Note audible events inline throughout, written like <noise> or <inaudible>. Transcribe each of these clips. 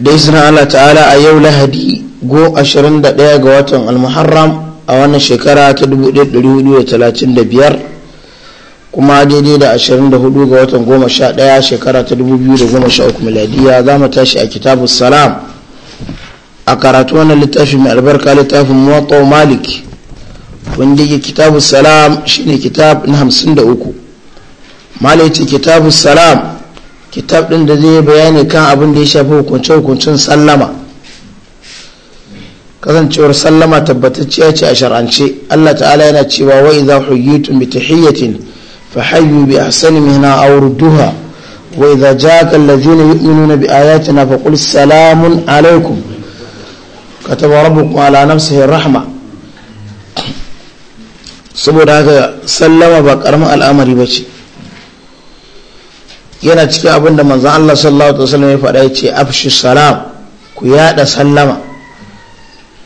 da izinin Allah ta'ala a yau lahadi go 21 ga watan almuharram a wannan shekara ta 1435 kuma daidai da 24 ga watan 11 shekara ta 2013 miladiya za mu tashi a kitabu salam a karatu wannan littafi mai albarka littafin muwatta malik wanda yake kitabu salam shine kitab na 53 malai ce kitabu salam kitab ɗin da zai bayani kan abin da ya shafi hukunce-hukuncen sallama kasancewar sallama tabbatacciya ce a shar'ance Allah ta'ala yana cewa wa idza huyyitum bi tahiyyatin fa hayyu bi ahsani minha aw rudduha wa idza jaaka allazina yu'minuna bi ayatina fa qul salamun alaykum kataba rabbukum ala nafsihi rahma saboda haka sallama ba karamin al'amari bace yana cikin abin da manzan Allah sallallahu alaihi wasallam ya faɗa ya ce afshi salam ku yaɗa sallama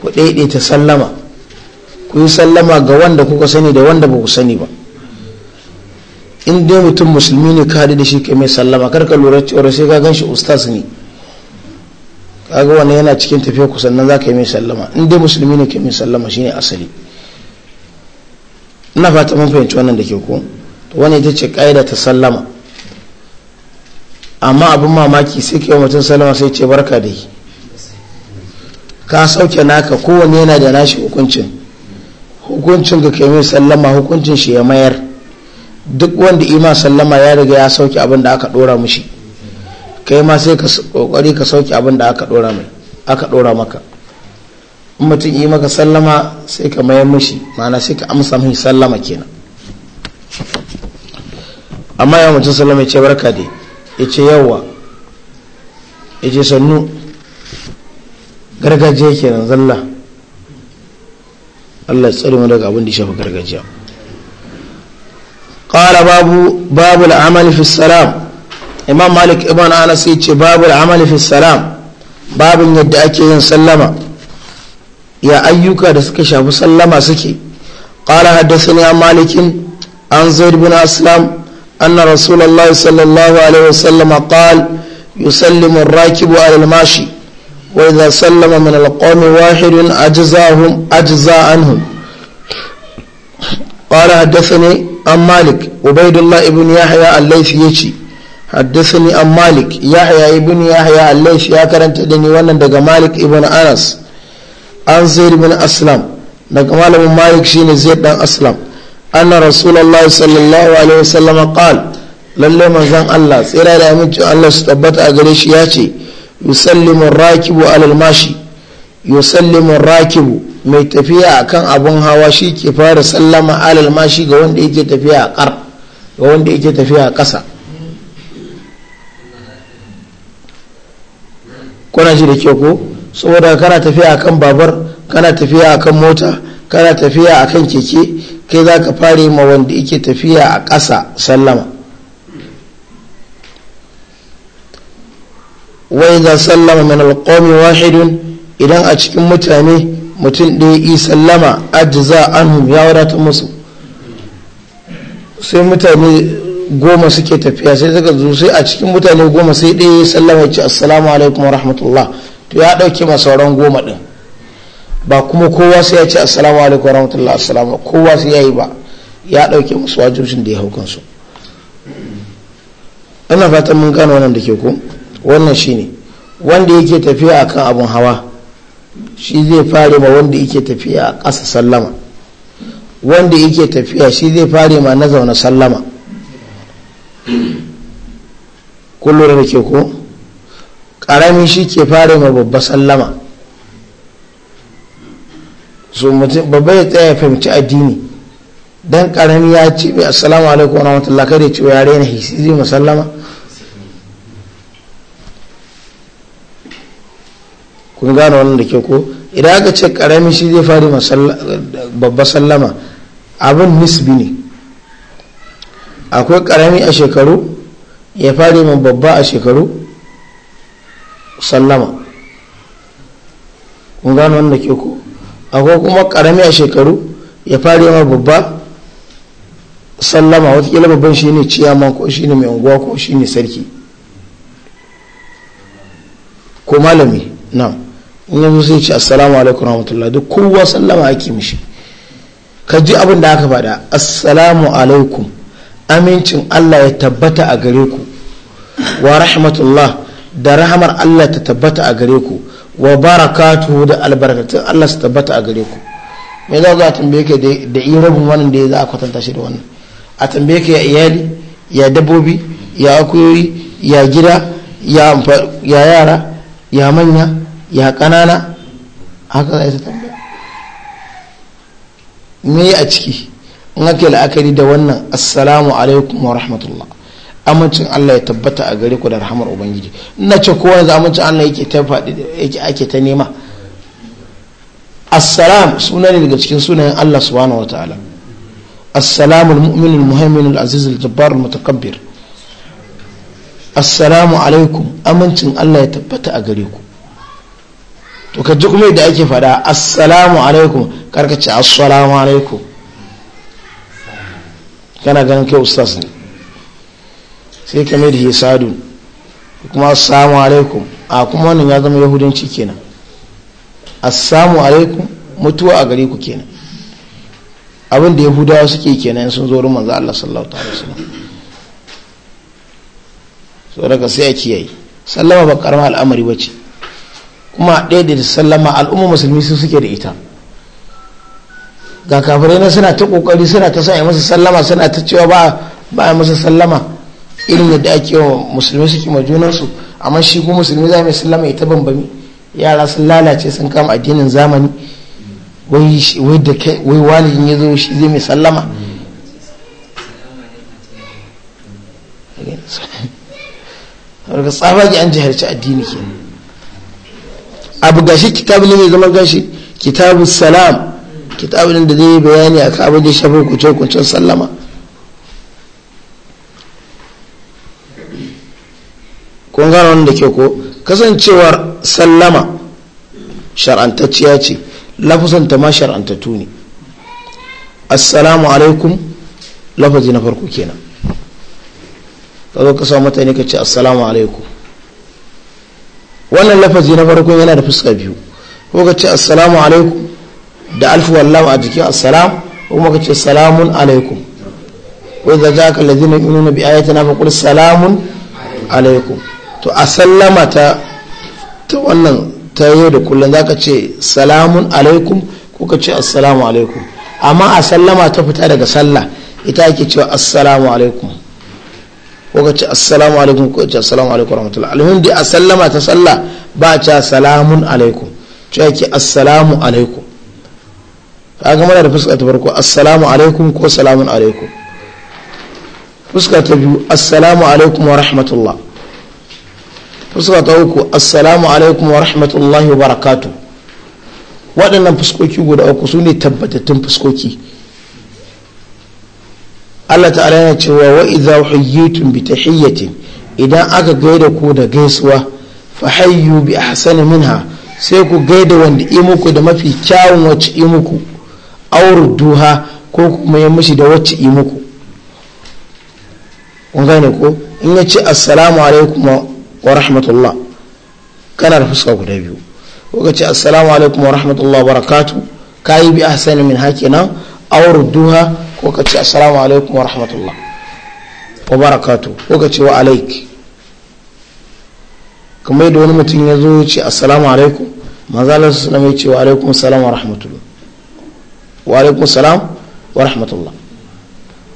ku daidaita sallama ku yi sallama ga wanda kuka sani da wanda ba ku sani ba in dai mutum musulmi ne ka da shi kai mai sallama kar ka lura cewar sai ka gan shi ustaz ne kaga wannan yana cikin tafiya ku sannan za ka yi mai sallama in dai musulmi ne kai mai sallama shine asali ina fata mun fahimci wannan da ke ko wani ita ce ƙa'ida ta sallama amma abin mamaki sai kai mutum salama sai ce barka da yi ka sauke naka kowane yana da nashi hukuncin hukuncin ka kai mai sallama hukuncin shi ya mayar duk wanda ima sallama ya riga ya sauke abin da aka dora mushi kai ma sai ka kokari ka sauke abin da aka dora mai aka dora maka in mutum yi maka sallama sai ka mayar mushi ma'ana sai ka amsa mai sallama kenan amma ya mutum sallama ce barka dai ya ce yawa ya ce sannu gargajiya nan zalla Allah tsari mu daga abin da shafi gargajiya ƙara babu babu al fi salam imam malik ibn anas ya ce babu al fi salam babin yadda ake yin sallama ya ayyuka da suka shafi sallama suke ƙara haddasa ne a malikin an zaid bin aslam أن رسول الله صلى الله عليه وسلم قال يسلم الراكب على الماشي وإذا سلم من القوم واحد أجزاهم أجزى عنهم قال حدثني عن مالك عبيد الله بن يحيى الليث يجي حدثني عن مالك يحيى ابن يحيى الليث يا كرنت دني wannan daga Malik ibn Anas an Zaid ibn Aslam daga malamin Malik shine Zaid dan Aslam ana rasulullah sallallahu alaihi wasallam qal lalle manzon Allah tsira da aminci Allah su tabbata a gare shi ya ce yusallimu rakibu alalmashi mashi rakibu mai tafiya akan abun hawa shi ke fara sallama alalmashi ga wanda yake tafiya a kar ga wanda yake tafiya a ƙasa kuna shi da ke ko saboda kana tafiya akan babar kana tafiya akan mota kana tafiya akan keke kai za ka fare ma wanda yake tafiya a ƙasa sallama wai za sallama min alƙomi wahidun idan a cikin mutane mutum ɗaya yi sallama ajiza anhum ya wadata musu sai mutane goma suke tafiya sai suka zo sai a cikin mutane goma sai ɗaya sallama ya ce assalamu alaikum wa rahmatullah to ya ɗauke ma sauran goma ɗin ba kuma kowa sai ya ce assalamu alaikum wa rahmatullahi assalamu kowa sai yayi ba ya dauke musu wajibin da ya hukun su ina fatan mun gano wannan da ke ku wannan shine wanda yake tafiya akan abun hawa shi zai fare ma wanda yake tafiya a ƙasa sallama wanda yake tafiya shi zai fare ma na zaune sallama kullum da ke ku ƙarami shi ke fare ma babba sallama so mutum babba ya tsaya ya fahimci addini dan karami ya ci mai assalamu alaikum wa rahmatullah kada ya ci wa yare na zai musallama kun gano wannan da ke ko idan aka ce karami shi zai fari babba sallama abin nisbi ne akwai karami a shekaru ya fari man babba a shekaru sallama kun gano wannan da ke ko. akwai kuma karami a shekaru ya fara yawa babba sallama watakila babban shi ne ciyama ko shi ne mai unguwa ko shi ne sarki ko malami na in yanzu sai ce assalamu alaikun rahmatullah duk kowa sallama ake mishi ka ji abin da aka faɗa assalamu alaikum amincin allah ya tabbata a gare ku wa rahmatullah da rahamar allah ta tabbata a gare ku wa barakatuhu da albarkatun Allah su tabbata a gare ku me za a tambaye ka da yi rabin wannan da ya za a kwatanta shi da wannan a tambaye ka ya iyali ya dabbobi ya akuyoyi ya gida ya yara ya manya ya kanana haka za a tambaya me a ciki in ake la'akari da wannan assalamu alaikum wa rahmatullah amincin Allah ya tabbata a gare ku da rahamar ubangiji ina ce kowa yanzu amincin Allah yake ta faɗi yake ake ta nema assalam suna ne daga cikin sunayen Allah subhanahu wataala السلام المؤمن المهيمن العزيز الجبار المتكبر assalamu alaikum amincin Allah ya tabbata a gare ku to ka ji kuma yadda ake faɗa assalamu alaikum karka ce assalamu alaikum kana ganin kai ustaz ne sai ka mai da shi sadu kuma assalamu alaikum a kuma wannan ya zama yahudanci kenan assalamu alaikum mutuwa a gare ku kenan abin da yahudawa suke kenan sun zo rumar za Allah sallallahu alaihi wasallam so daga sai a kiyaye sallama ba karama al'amari ba ce kuma ɗaya da sallama al'umma musulmi su suke da ita ga kafirai na suna ta ƙoƙari suna ta sa masa sallama suna ta cewa ba ba a masa sallama irin yadda ake wa musulmi suke ma junansu amma shi ko musulmi za mai sallama ita bambami yara sun lalace sun kama addinin zamani wai da kai ya zo shi zai mai sallama daga tsabagi an jiharci addini ke abu gashi kitabu ne mai zama gashi kitabu salam kitabu ne da zai bayani a abin da shafin shafi kucin sallama kun gane wanda ke ko kasancewar sallama shar'antacciya ce lafazanta ma shar'antattu ne assalamu alaikum lafazi na farko kenan ka zo ka mata mutane ka ce assalamu alaikum wannan lafazi na farko yana da fuska biyu ko ka ce assalamu alaikum da alfi wallahu a jikin assalam ko kuma ka ce salamun alaikum wa idza ja'aka alladhina yu'minuna bi na faqul salamun alaikum to a sallama ta ta wannan ta yau da kullum za ka ce salamun alaikum ko ka ce assalamu alaikum amma a sallama ta fita daga sallah ita ake cewa assalamu alaikum ko ka ce assalamu alaikum ko ka ce assalamu alaikum rahmatullah alhum da a sallama ta sallah ba a ce salamun alaikum cewa ake assalamu alaikum ka ga mana da fuska ta farko assalamu alaikum ko salamun alaikum fuska ta biyu assalamu alaikum wa rahmatullah fuska ta uku assalamu alaikum wa rahmatullahi wa barakatu waɗannan fuskoki guda uku su ne tabbatattun fuskoki Allah ta'ala yana cewa wa idza huyyitum bi tahiyyatin idan aka gaida ku da gaisuwa fa hayyu bi ahsani minha sai ku gaida wanda yi muku da mafi kyawun wacce yi muku aur duha ko kuma ya mishi da wacce yi muku kun ce assalamu alaikum wa rahmatullah kana da fuska guda biyu kuka ce assalamu alaikum wa rahmatullah barakatu kayi bi ahsani min hakina aw rudduha ko ka ce assalamu alaikum wa rahmatullah wa barakatu kuka ce wa alaik kamar yadda wani mutum ya zo ya ce assalamu alaikum manzo Allah sallallahu alaihi ya ce wa alaikum assalam wa rahmatullah wa alaikum salam wa rahmatullah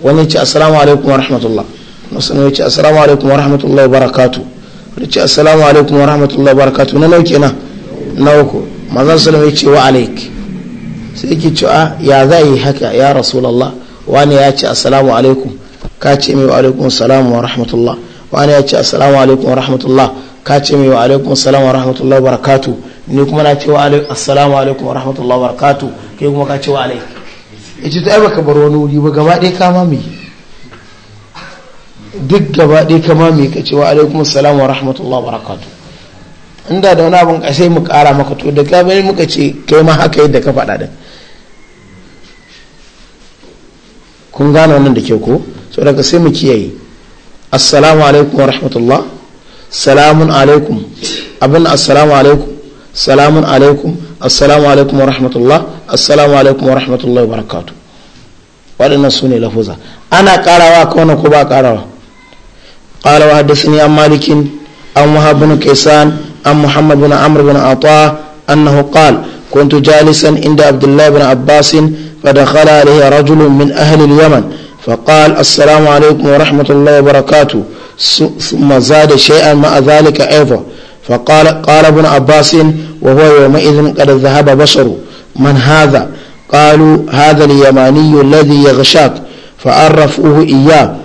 wani ya ce assalamu alaikum wa rahmatullah wasu ya ce assalamu alaikum wa rahmatullahi wa barakatu. da ce assalamu alaikum wa rahmatullahi wa barakatuh na nauke na nauku uku manzon salama ya ce wa alaik sai ki ce a ya za yi haka ya rasulallah wani ya ce assalamu alaikum ka ce mai wa alaikum salamu wa rahmatullah wani ya ce assalamu alaikum wa rahmatullah ka ce mai wa alaikum salamu wa rahmatullah wa barakatuh ni kuma na ce wa alaikum assalamu alaikum wa rahmatullah wa barakatuh kai kuma ka ce wa alaik ita ta baka bar wani wuri ba gaba ɗaya kama mai duk gaba ɗai kama mai ka cewa alaikum assalam wa rahmatullah wa barakatu inda da wani abin kasai mu kara maka to da kamar muka ce kai ma haka yadda ka faɗa da. kun gane wannan da ke ko so daga sai mu kiyaye assalamu alaikum wa rahmatullah salamun alaikum abin assalamu alaikum salamun alaikum assalamu alaikum wa rahmatullah assalamu alaikum wa rahmatullah wa barakatu waɗannan su ne lafuza ana karawa ko wani ko ba karawa قال وحدثني عن مالك عن وهب بن كيسان عن محمد بن عمرو بن عطاء أنه قال كنت جالسا عند عبد الله بن عباس فدخل عليه رجل من أهل اليمن فقال السلام عليكم ورحمة الله وبركاته ثم زاد شيئا مع ذلك أيضا فقال قال ابن عباس وهو يومئذ قد ذهب بشر من هذا قالوا هذا اليماني الذي يغشاك فعرفوه إياه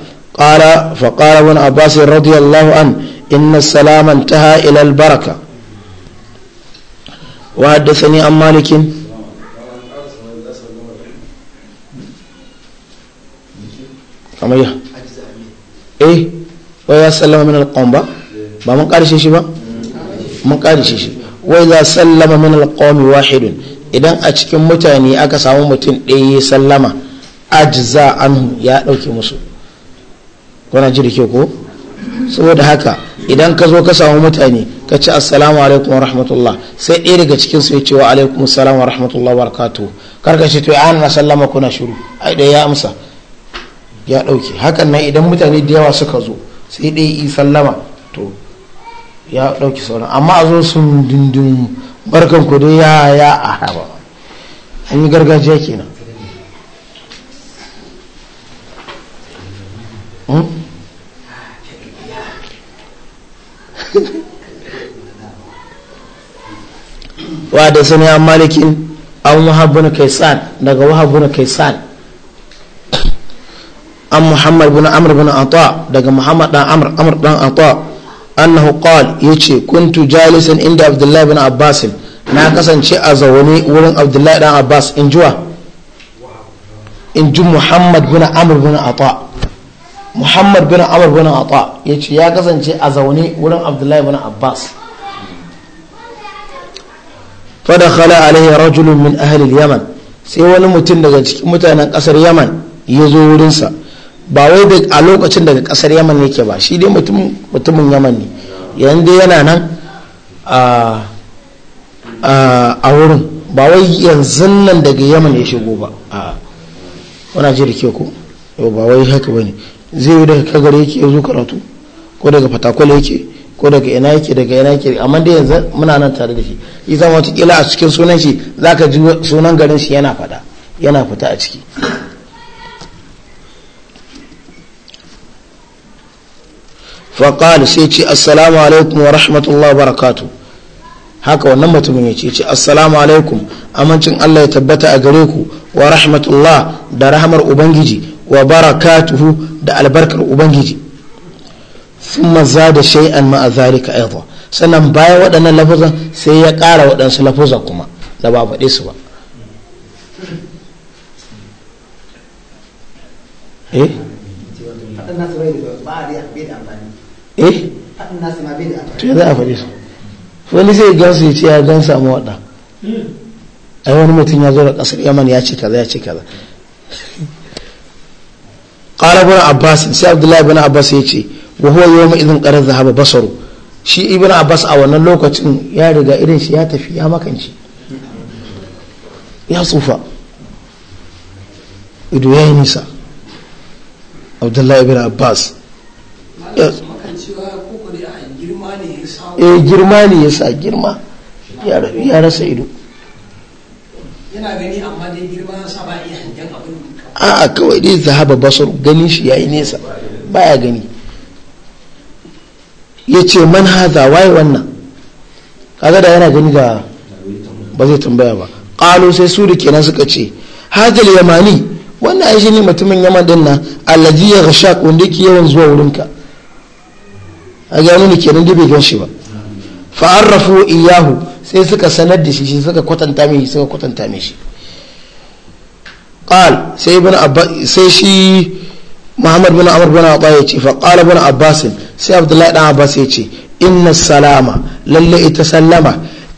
قال فقال ابن عباس رضي الله عنه إن السلام انتهى إلى البركة وحدثني عن مالك كما يا إيه ويا سلم من القوم با ما من قال شيء با من قال شيء وإذا سلم من القوم واحد idan a cikin mutane aka samu mutum ɗaya sallama ajza anhu ya ɗauke musu kuna ji da ko saboda haka idan ka zo ka samu mutane ka ci assalamu alaikum wa rahmatullah sai ɗaya daga cikin su ya ce wa alaikum salam wa rahmatullah wa barakatuh kar ka ce to ya na sallama kuna shiru ai ɗaya ya amsa ya ɗauke hakan nan idan mutane da yawa suka zo sai ɗaya yi sallama to ya ɗauki sauran amma a zo sun dindin barkan ku dai ya ya a an yi gargajiya kenan wa da sani an malikin an wahabu na kaisan daga wahabu na kaisan an muhammad bin amr bin atwa daga muhammad dan amr amr dan atwa annahu qal yace kuntu jalisan inda abdullahi bin abbas na kasance a zaune wurin abdullahi dan abbas in jiwa in ji muhammad bin amr bin atwa muhammad bin amr bin ya ce ya kasance a zaune wurin abdullahi bin abbas fadakhala alaihi rajulun min ahli yaman sai wani mutum daga cikin mutanen kasar yaman ya zo wurin sa ba wai da a lokacin daga kasar yaman yake ba shi dai mutumin yaman ne yayin da yana nan a wurin ba wai yanzu nan daga yaman ya shigo ba a wana ji da ke ko ba wai haka ba ne zai yi daga kagare yake ya zo karatu ko daga fatakwal yake ko daga ina yake daga ina yake amma dai yanzu muna nan tare da shi zama wata kila a cikin sunan shi zaka ji sunan garin shi yana fada yana fita a ciki faƙal sai ce assalamu alaikum wa rahmatullahi barakatu haka wannan mutumin ya ce ce assalamu alaikum amincin Allah ya tabbata a gare ku wa rahmatullah da rahamar ubangiji wa barakatuhu da albarkar ubangiji thumma zada shay'an ma'a zalika aidan sannan bayan waɗannan lafuzan sai ya ƙara waɗansu lafuzan kuma da ba faɗe su ba eh? eh to ya za a faɗe su wani zai gan su ce ya gan samu waɗa ai wani mutum ya zo da ƙasar yaman ya ce kaza ya ce kaza qala ibn abbas sai abdullahi ibn abbas ya ce wa huwa yawma idhin qara dhahaba basaru shi ibnu abbas a wannan lokacin ya riga irin shi ya tafi ya makanci ya tsufa ido ya yi nisa abdullahi ibn abbas eh girma ne ya sa girma ya rasa ido yana gani amma dai girma ya sa ba iya hangen abin a kawai dai zahaba basar gani shi ya yi nesa baya gani ya ce man haza waye wannan kaga da yana gani da ba zai tambaya ba ƙalo sai su da kenan suka ce hajjal yamani wannan ya shi ne mutumin yaman din nan allaji ya gasha wanda yake yawan zuwa wurinka a gano ne kenan da bai gan shi ba fa'arrafu iyahu sai suka sanar da shi shi suka kwatanta mai suka kwatanta mai shi ƙal sai shi muhammad bin amr bin abba ya ce fa qala bin abbas sai abdullahi dan abbas ya ce inna salama lalle ita sallama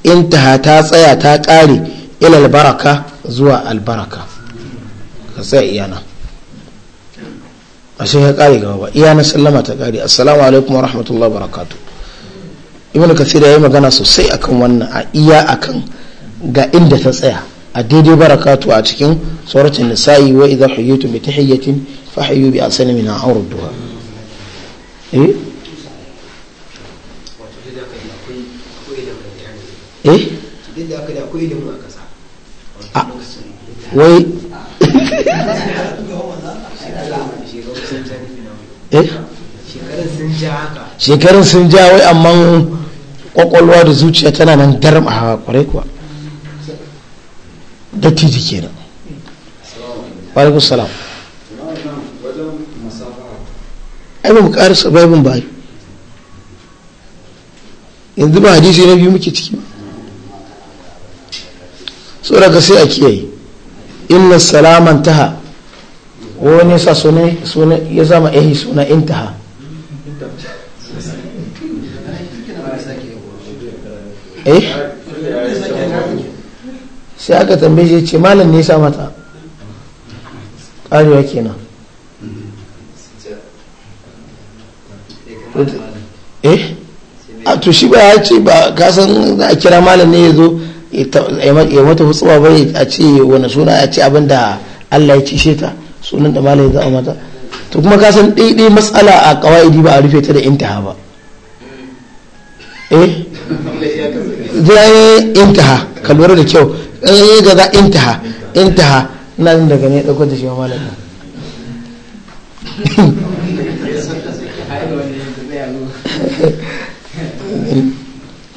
in ta tsaya ta kare ila albaraka zuwa albaraka ka tsaya iyana ashe ya kare gaba ba iyana sallama ta kare assalamu alaikum wa rahmatullahi wa barakatuh ibn kasir ya yi magana sosai akan wannan a iya akan ga inda ta tsaya a daidai barakatu a cikin tsoratin nisa'i wa idza huyitu bi tahiyyatin فحيوا bi من min إيه إيه <laughs> وي shekarun sun ja wai amma kwakwalwa da zuciya tana nan daram a kwarai kuwa da titi kenan. Wa alaikum salam. ai ba mu karasa babin ba yanzu ba hadisi na biyu muke ciki ka sai a kiyaye inna salaman taha wani sa suna ya zama ehi suna intaha eh sai aka tambaye ce malam ne ya sa mata ƙarewa kenan eh a to shi ba ya ce ba ka san a kira malam ne ya zo ya mata hutsuwa ba a ce wani suna ya ce abin da Allah ya cishe ta sunan da malam ya zama mata to kuma ka san daidai matsala a ƙawaidi ba a rufe ta da intaha ba eh zai intaha ka da kyau in yi gaza intaha intaha ina jin daga ne ɗaukar da shi malam <laughs>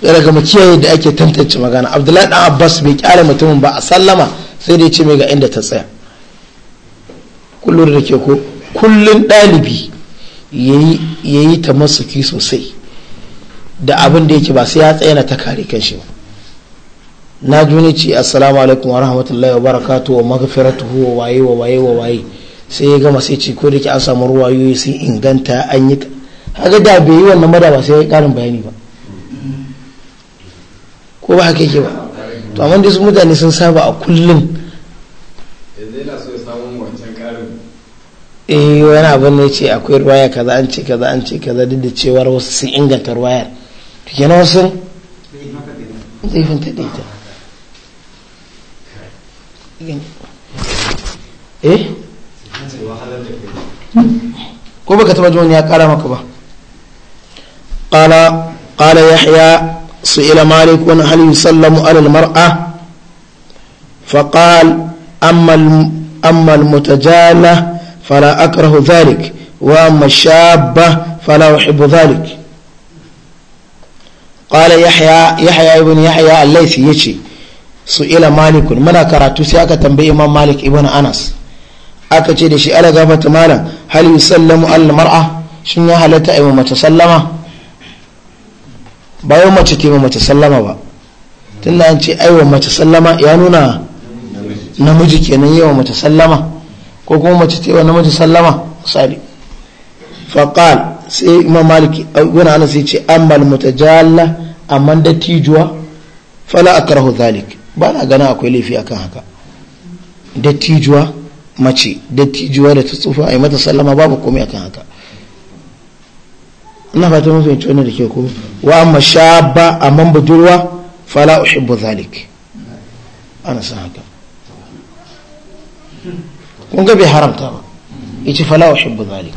daga mu da ake tantance magana abdullahi dan abbas bai kyara mutumin ba a sallama sai dai ce mai ga inda ta tsaya kullum da ke ko kullum ɗalibi ya yi ta masuki sosai da abin da yake ba sai ya tsaye na ta kare kan shi ba na juni ce assalamu alaikum wa rahmatullahi wa barakatu wa magafiratu wa waye wa waye wa waye sai ya gama sai ce ko da ke an samu ruwayoyi sun inganta an yi haka da bai yi wannan mada ba sai ya karin bayani ba ko ba haka yake ba to amma da su mutane sun saba a kullum eh wani abin ne ce akwai ruwaya kaza an ce kaza an ce kaza duk da cewar wasu sun inganta ruwayar to kenan wasu eh? zai fanta da eh ko baka taba jiwon wani ya kara maka ba قال قال يحيى سئل مالك هل يسلم على المرأة فقال أما أما المتجالة فلا أكره ذلك وأما الشابة فلا أحب ذلك قال يحيى يحيى ابن يحيى الليثي يشي سئل مالك منا كراتو سي aka tambayi imam malik ibn anas aka ce da shi ala gafata malam hal yusallamu al mar'a shin ya halatta ai mace sallama bayan mace ke mace sallama ba tun da an ce aiwa mace sallama ya nuna namiji kenan yawa mace sallama ko kuma mace ce wa namiji sallama misali faqal sai imam maliki wani ana sai ce ammal mutajalla amman da tijuwa fala akrahu zalik ba na gana akwai laifi akan haka dattijuwa mace dattijuwa da ta tsufa a yi mata sallama babu komai akan haka ina fata mun fahimci wannan da ke ko wa amma shabba amma budurwa fala uhibbu zalik ana san haka kun ga bai haramta ba yace fala uhibbu zalik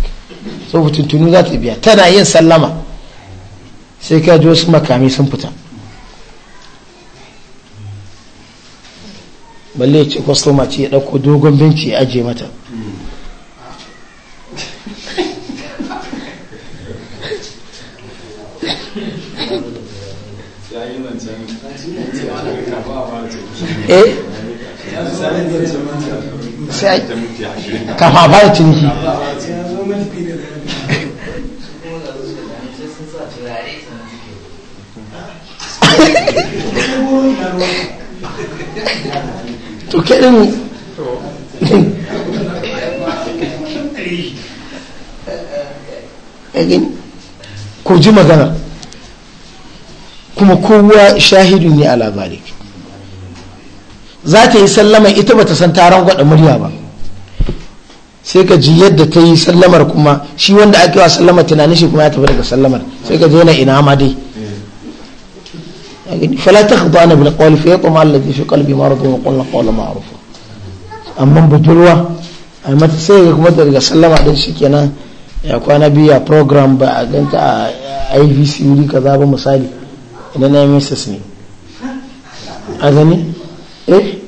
saboda tuntunu za ta biya tana yin sallama sai ka ji wasu makami sun fita balle ce kwastoma ce ya ɗauko dogon binci ya aje mata eh sai <laughs> <laughs> ku ji magana kuma kowa shahidu ne ala zalik za ta yi sallama ita bata san taron gwada murya ba sai ka ji yadda ta yi sallamar kuma shi wanda ake wa sallama tunanin shi kuma ya tafi daga sallamar sai ka ji ina ma dai fala ta khadu ana bil qawli fa yaqum alladhi fi qalbi marad wa qul qawla ma'ruf amma budurwa amma sai ga kuma daga sallama din shikenan ya kwana biya program ba a ganta a IVC wuri kaza ba misali idan na yi missis ne a gani eh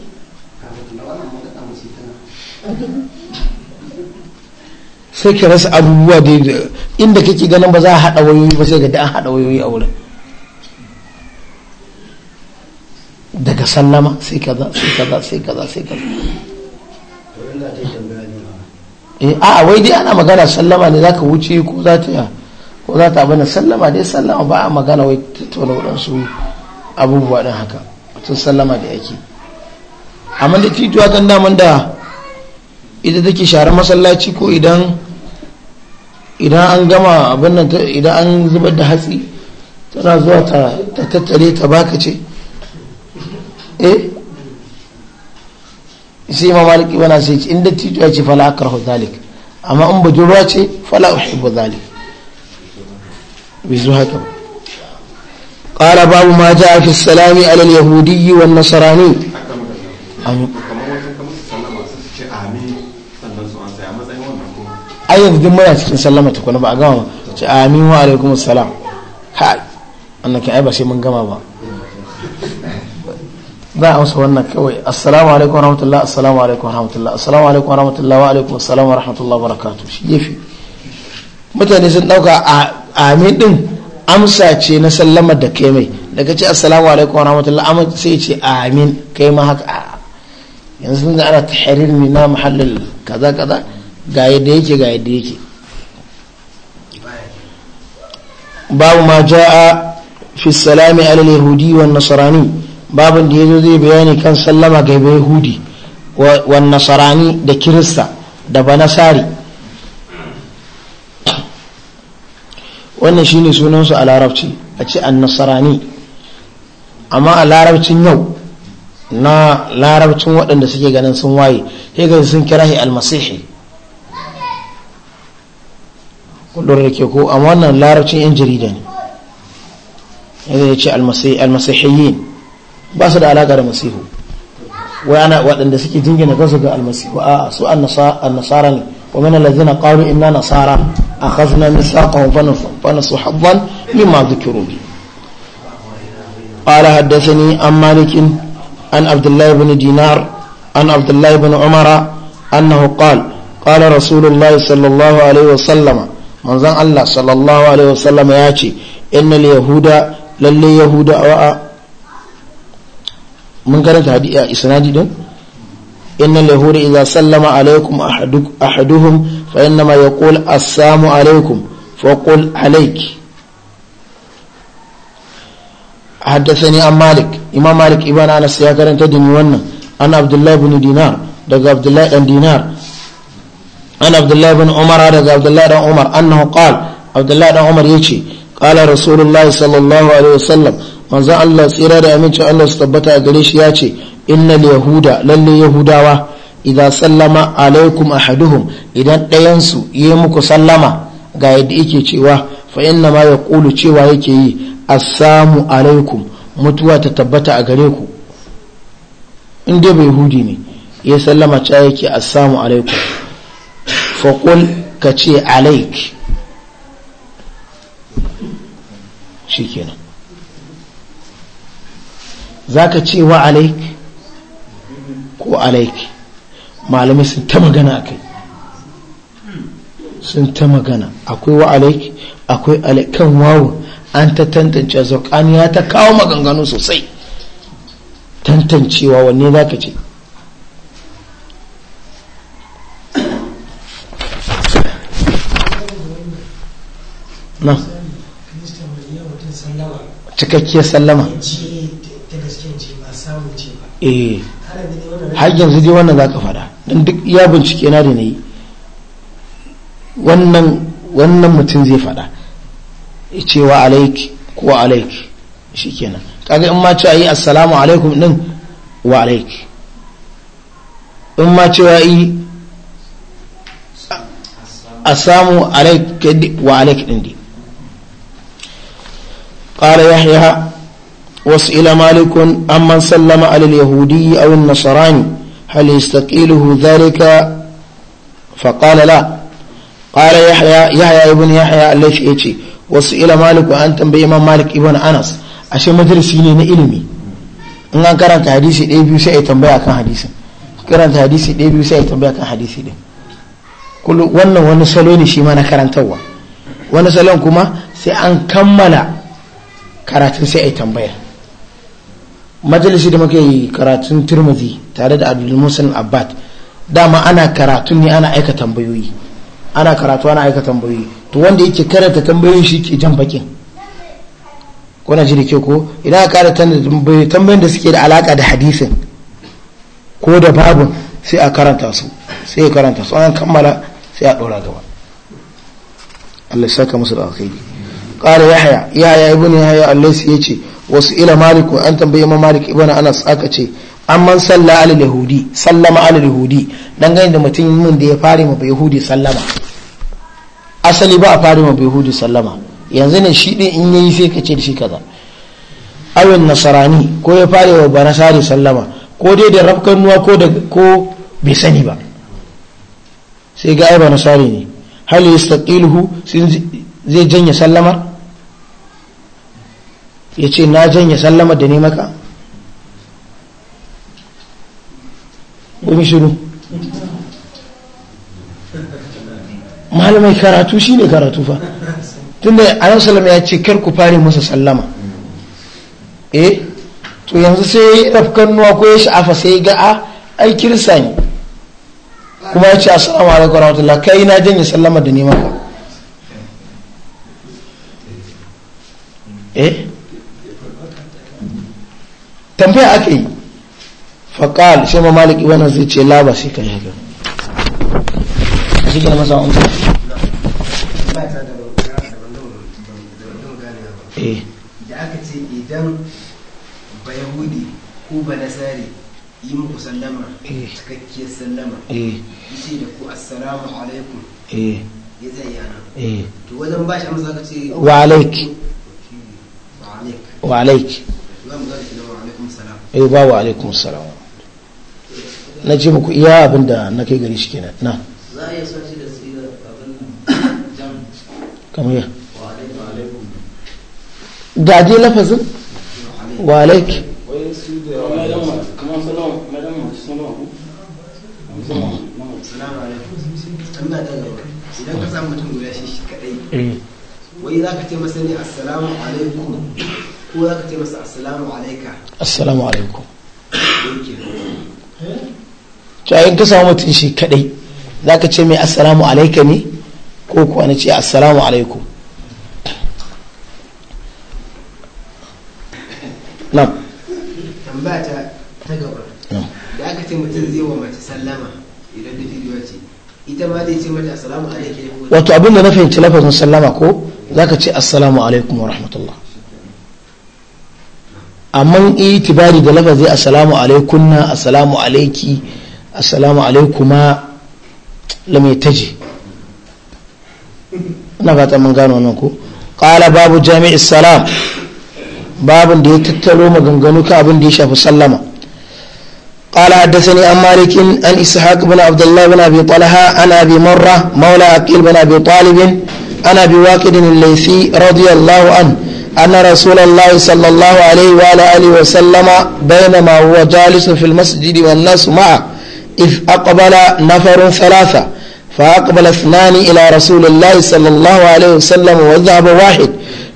sai ki rasa abubuwa da inda kake ganin ba za a haɗa wayoyi ba sai ga an haɗa wayoyi a wurin daga sallama sai kaza sai kaza sai kaza sai kaza eh a wai dai ana magana sallama ne zaka wuce ko za ta ko za ta bana sallama dai sallama ba a magana wai tattauna waɗansu abubuwa ɗin haka tun sallama da yake amma da tituwa kan daman da ita take share masallaci ko idan idan an gama abin nan idan an zubar da hatsi tana zuwa ta tattare ta baka ce eh sai ma maliki bana sai ce inda tituwa ce fala akrahu zalik amma in ba budurwa ce fala uhibbu zalik bizu haka قال باب ما جاء في السلام على اليهودي والنصراني ayyar jin yanzu cikin sallama ta tukuna ba a gama ba ce amin wa alaikum salam kai annakin ai ba sai mun gama ba za a amsa wannan kawai assalamu alaikum rahmatullah assalamu alaikum rahmatullah assalamu alaikum rahmatullah wa alaikum assalamu wa barakatu shi gefe mutane sun dauka amin din amsa ce na sallama da kai mai daga ce assalamu alaikum rahmatullah amma sai ce amin kai ma haka yanzu da ta tahrir ne na mahallin kaza kaza ga yadda yake ga yadda yake babu ma a fi salami alal yahudi wa nasarani babin da ya zo zai bayani kan sallama ga yahudi wa nasarani da kirista da banasari wannan shine sunansu a larabci a ce an nasarani amma a larabcin yau na larabcin waɗanda suke ganin sun waye hega sun kira shi almasihi kullum da ke ko amma wannan larabcin yan jarida ne yadda ya ce almasihiyin ba su da alaƙa da masihu wayana waɗanda suke jingina kansu ga almasihu a su an nasara ne wa min allazina qalu ina nasara a akhadna mithaqahum fa nasu haddan mimma dhukiru bi qala haddathani an malikin عن عبد الله بن دينار عن عبد الله بن عمر أنه قال قال رسول الله صلى الله عليه وسلم من ذن الله صلى الله عليه وسلم ياتي إن اليهود للي يهود من قالت هذه إسنادي دون إن اليهود إذا سلم عليكم أحدهم فإنما يقول السلام عليكم فقل عليك حدثني عن مالك إمام مالك إبان أنا سياكرا تدني ون أنا عبد الله بن دينار دق عبد الله بن دينار أنا عبد الله بن عمر دق عبد الله بن عمر أنه قال عبد الله بن عمر يجي قال رسول الله صلى الله عليه وسلم من زال الله سيرا دا أمين الله استبتا قريش ياتي إن اليهود لن يهوداوا إذا سلم عليكم أحدهم إذا تينسوا يمك سلم قاعد إيكي تشيوه fa inna ma yaqulu cewa yake yi assamu alaikum mutuwa ta tabbata a gare ku in dai bai hudi ne ya sallama ca yake assamu alaikum faƙul ka ce alaik shi kenan za ka ce wa alaik ko alaik malamai sun ta magana a kai sun ta magana akwai wa alaik akwai kan wawon an ta tantance zaukani ya ta kawo maganganu sosai tantancewa wanne za ka ce na cikakkiyar sallama eh har yanzu dai wannan za ka fada don duk ya bincike na da na yi wannan mutum zai fada cewa alaiki ko alaiki shikenan kaga in ma cewa yi assalamu alaikum din wa alaiki in ma cewa yi assalamu alaiki wa alaiki din di wasu ila malikun مالك أمن سلم على اليهودي a wani nasarani hali ذلك فقال لا قال يحيى يحيى ابن يحيى ce wasu وسئل مالك an tambayi امام مالك ابن anas ashe madarasi ne na ilimi in an karanta hadisi ɗaya biyu sai a tambaya kan hadisin karanta hadisi ɗaya biyu sai a tambaya kan hadisi ɗin kullu wannan wani salo ne shi ma na karantarwa wani salon kuma sai an kammala karatun sai a tambaya majalisi da muke yi karatun turmuzi tare da abdul musulun abbad dama ana karatun ne ana aika tambayoyi ana karatu ana aika tambayoyi to wanda yake karanta tambayoyin shi ke jan bakin kuna ji da ke ko idan aka tambayoyi tambayoyin da suke da alaka da hadisin ko da babu sai a karanta su sai a karanta su an kammala sai a dora gaba Allah saka musu da alkhairi qala yahya yahya ibn yahya allaisi yace wasu ila malik an tambaye ma malik ibn anas aka ce amman salla ala yahudi sallama ala yahudi dangane da mutum da ya fare ma yahudi sallama asali ba a fari ma yahudi sallama yanzu ne shi ɗin in yayi sai ka ce shi kaza awin nasarani ko ya fari wa barasari sallama ko dai da rafkan nuwa ko da ko bai sani ba sai ga aiba nasari ne hal sun zai janye sallamar ya ce na janye sallama da ne maka shiru malamai karatu shine karatu fa tun tunda anan salama ya ce kar ku fare masa sallama eh to yanzu sai ya yi ɗafkan nuwa ko ya sha'afa sai ga a ah, ai kirsa ne kuma ya ce assalamu alaikum warahmatullah kai na janye sallama da nema ka eh tambaya aka yi faƙal shi ma maliki wannan zai ce laba sai kan yi shi masa wani da aka ce idan bayahudi ko yi muku sallama eh. cikakkiyar sallama ishe eh. da ku assalamu alaikum eh. ya to wajen ba shi amsa ce oh, wa alaik wa alaik wa alaikum salam na ce muku iya abinda na kai gari shi kenan na za a iya sa da sigar abin kamar ya lafazin wa alaik idan ka samu mutum guda shi kadai eh. wai za ka ce masa ne assalamu alaikum ko za ka ce masa assalamu alaika assalamu alaikum ka samu mutum shi kadai za ka ce mai assalamu alaika ne ko kuwa na ce assalamu alaikum nan tambaya ta gaba da aka ce mutum zai wa mace sallama idan da filiwa ce ita ma zai ce mata assalamu alaikum wato abin da na fahimci lafazin sallama ko za ka ce assalamu alaikum wa rahmatullah amma itibari da lafazin assalamu alaikunna assalamu alaiki assalamu alaikuma lam yataji ina fata mun gano wannan ko qala babu jami'is salam babin da ya tattaro maganganu ka abin da ya shafi sallama قال حدثني عن مالك عن اسحاق بن عبد الله بن ابي طلحه عن ابي مره مولى عقيل بن ابي طالب عن ابي واقد الليثي رضي الله عنه ان رسول الله صلى الله عليه وعلى اله وسلم بينما هو جالس في المسجد والناس معه إذ أقبل نفر ثلاثة فأقبل اثنان إلى رسول الله صلى الله عليه وسلم وذهب واحد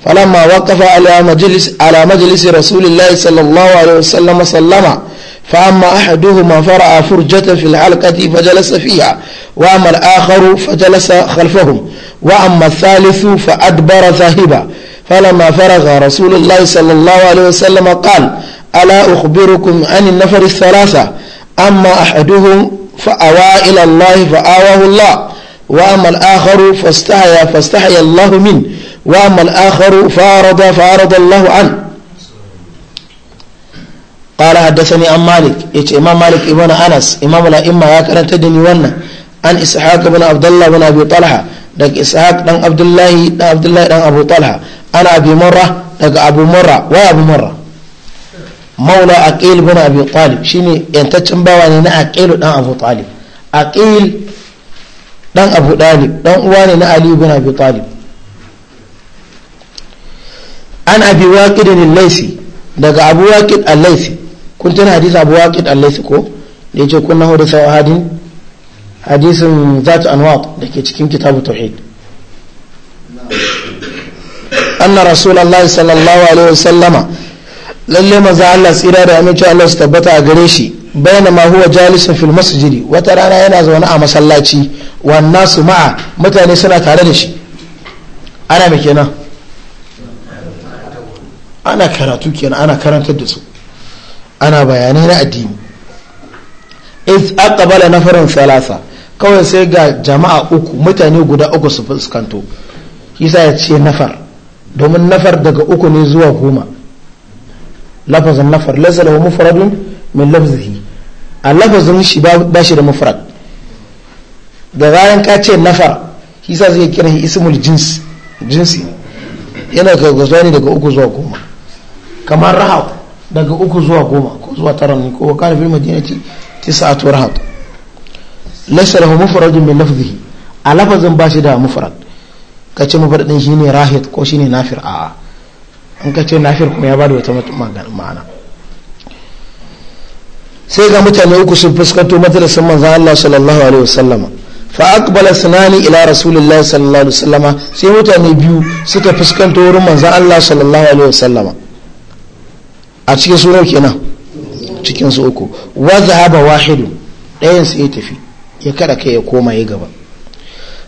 فلما وقف على مجلس على مجلس رسول الله صلى الله عليه وسلم سلم فأما أحدهما فرأى فرجة في الحلقة فجلس فيها وأما الآخر فجلس خلفهم وأما الثالث فأدبر ذاهبا فلما فرغ رسول الله صلى الله عليه وسلم قال ألا أخبركم عن النفر الثلاثة أما أحدهم فأوى إلى الله فآواه الله وأما الآخر فاستحيا فاستحيا الله منه وأما الآخر فارض فارض الله عنه قال حدثني عن مالك إيش إمام مالك ابن أنس إمام الأئمة هكذا تدني ونا عن إسحاق بن عبد الله بن أبي طلحة دك إسحاق بن عبد الله بن عبد الله بن أبو طلحة أنا أبي مرة دك أبو مرة وأبو مرة maula aqil bin abi talib shine yantaccen bawa ne na aqil dan abu talib aqil dan abu talib dan uwa ne na ali bin abi talib an abi waqid al-laisi daga abu waqid al-laisi kun tana hadisi abu waqid al-laisi ko da yace kun na da sawahadin hadisin zat anwat da ke cikin kitabu tauhid الله صلى sallallahu alaihi وسلم lalle maza Allah tsira da amince Allah su tabbata a gare shi bayna ma huwa jalisun fil masjidi wata rana yana zaune a masallaci wan nasu ma'a mutane suna tare da shi ana me kenan ana karatu kenan ana karantar da su ana bayanai na addini iz aqbala nafarun salasa kawai sai ga jama'a uku mutane guda uku su fuskanto kisa ya ce nafar domin nafar daga uku ne zuwa goma لفظ nafar ليس له مفرد من لفظه a مش shi ba shi da mufrad da zaran ka ce nafar shi sa zai kira shi ismul jins jinsi yana ga gazuwa ne daga uku zuwa goma kamar rahab daga uku zuwa goma ko zuwa tara ne ko kana fil madinati tis'atu rahab laysa lahu mufrad min lafzihi a lafazin ba shi da mufrad kace mufrad din shine rahid ko shine nafir a'a in ka ce nafir kuma ya ba da wata ma'ana sai ga mutane uku sun fuskanto madrasar manzan Allah sallallahu alaihi wasallama fa aqbala sanani ila rasulillah sallallahu alaihi wasallama sai mutane biyu suka fuskanto wurin manzan Allah sallallahu alaihi wasallama a cikin su kenan cikin su uku wa zahaba wahidu ɗayan su ya tafi ya kada kai ya koma ya gaba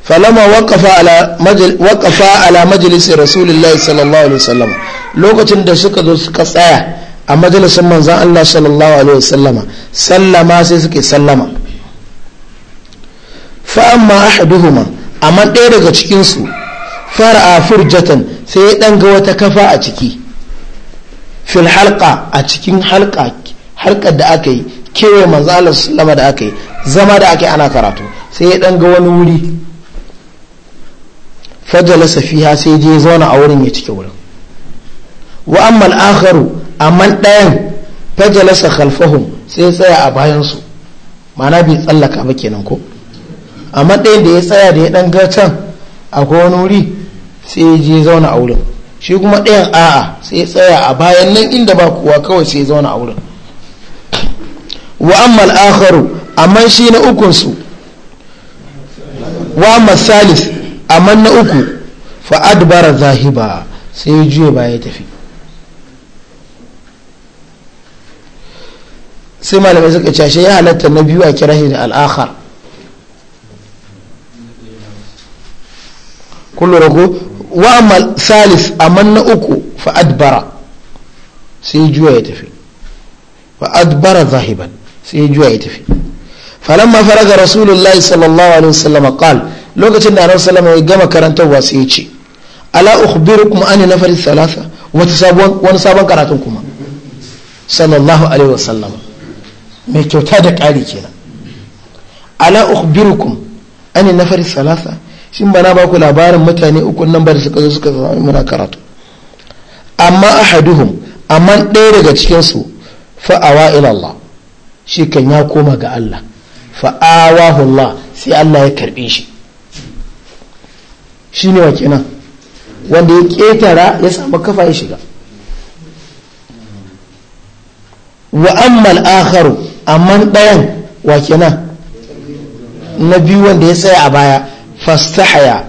falama waƙafa ala majalisar rasulullahi sallallahu alaihi wasallama lokacin da suka zo suka tsaya a majalisar manzan Allah sallallahu alaihi wasallama sallama sai suke sallama fa fa'amma ahaduhuma amma ɗaya daga cikinsu fara furjatan sai ya ga wata kafa a ciki fil halka a cikin halka halkar da aka yi kewaye manzan Allah sallama da aka yi zama da aka yi ana karatu sai ya ga wani wuri fajala fiha sai je zauna a wurin ya cike wurin wa ammal akharu amman ɗayan fajalasa khalfahum sai tsaya a bayansu ma'ana bai tsallaka ba kenan ko amma ɗayan da ya tsaya da ya ɗan ga can a wani wuri sai je zauna a wurin shi kuma ɗayan a'a sai tsaya a bayan nan inda ba kowa kawai sai ya zauna a wurin wa ammal akharu amma shi na ukunsu wa salis amma na uku fa'ad bara zahiba sai ya juya baya ya tafi sai malamai suka cashe ya halatta na biyu a kira shi da al'akhar kullu rago wa amma salis amma na uku fa'ad bara sai ya juya ya tafi fa'ad bara zahiban sai ya juya ya tafi falamma faraga rasulullahi sallallahu alaihi wasallam qala lokacin da annabi sallama ya gama karantarwa sai ya ce ala ukhbirukum an nafari thalatha wata sabon wani sabon karatun kuma sallallahu alaihi wasallam mai kyauta da ƙari kenan ala ukhbirukum an nafari thalatha shin bana ba ku labarin mutane uku nan ba da suka zo suka zama muna karatu amma ahaduhum amma ɗaya daga cikin su fa'awa ila Allah shi kan ya koma ga Allah fa'awahu Allah sai Allah ya karbe shi shi ne wa kenan wanda ya ƙetara ya samu kafa ya shiga wa ammal akharu amma ɗayan wa kenan na biyu wanda ya tsaya a baya fastahaya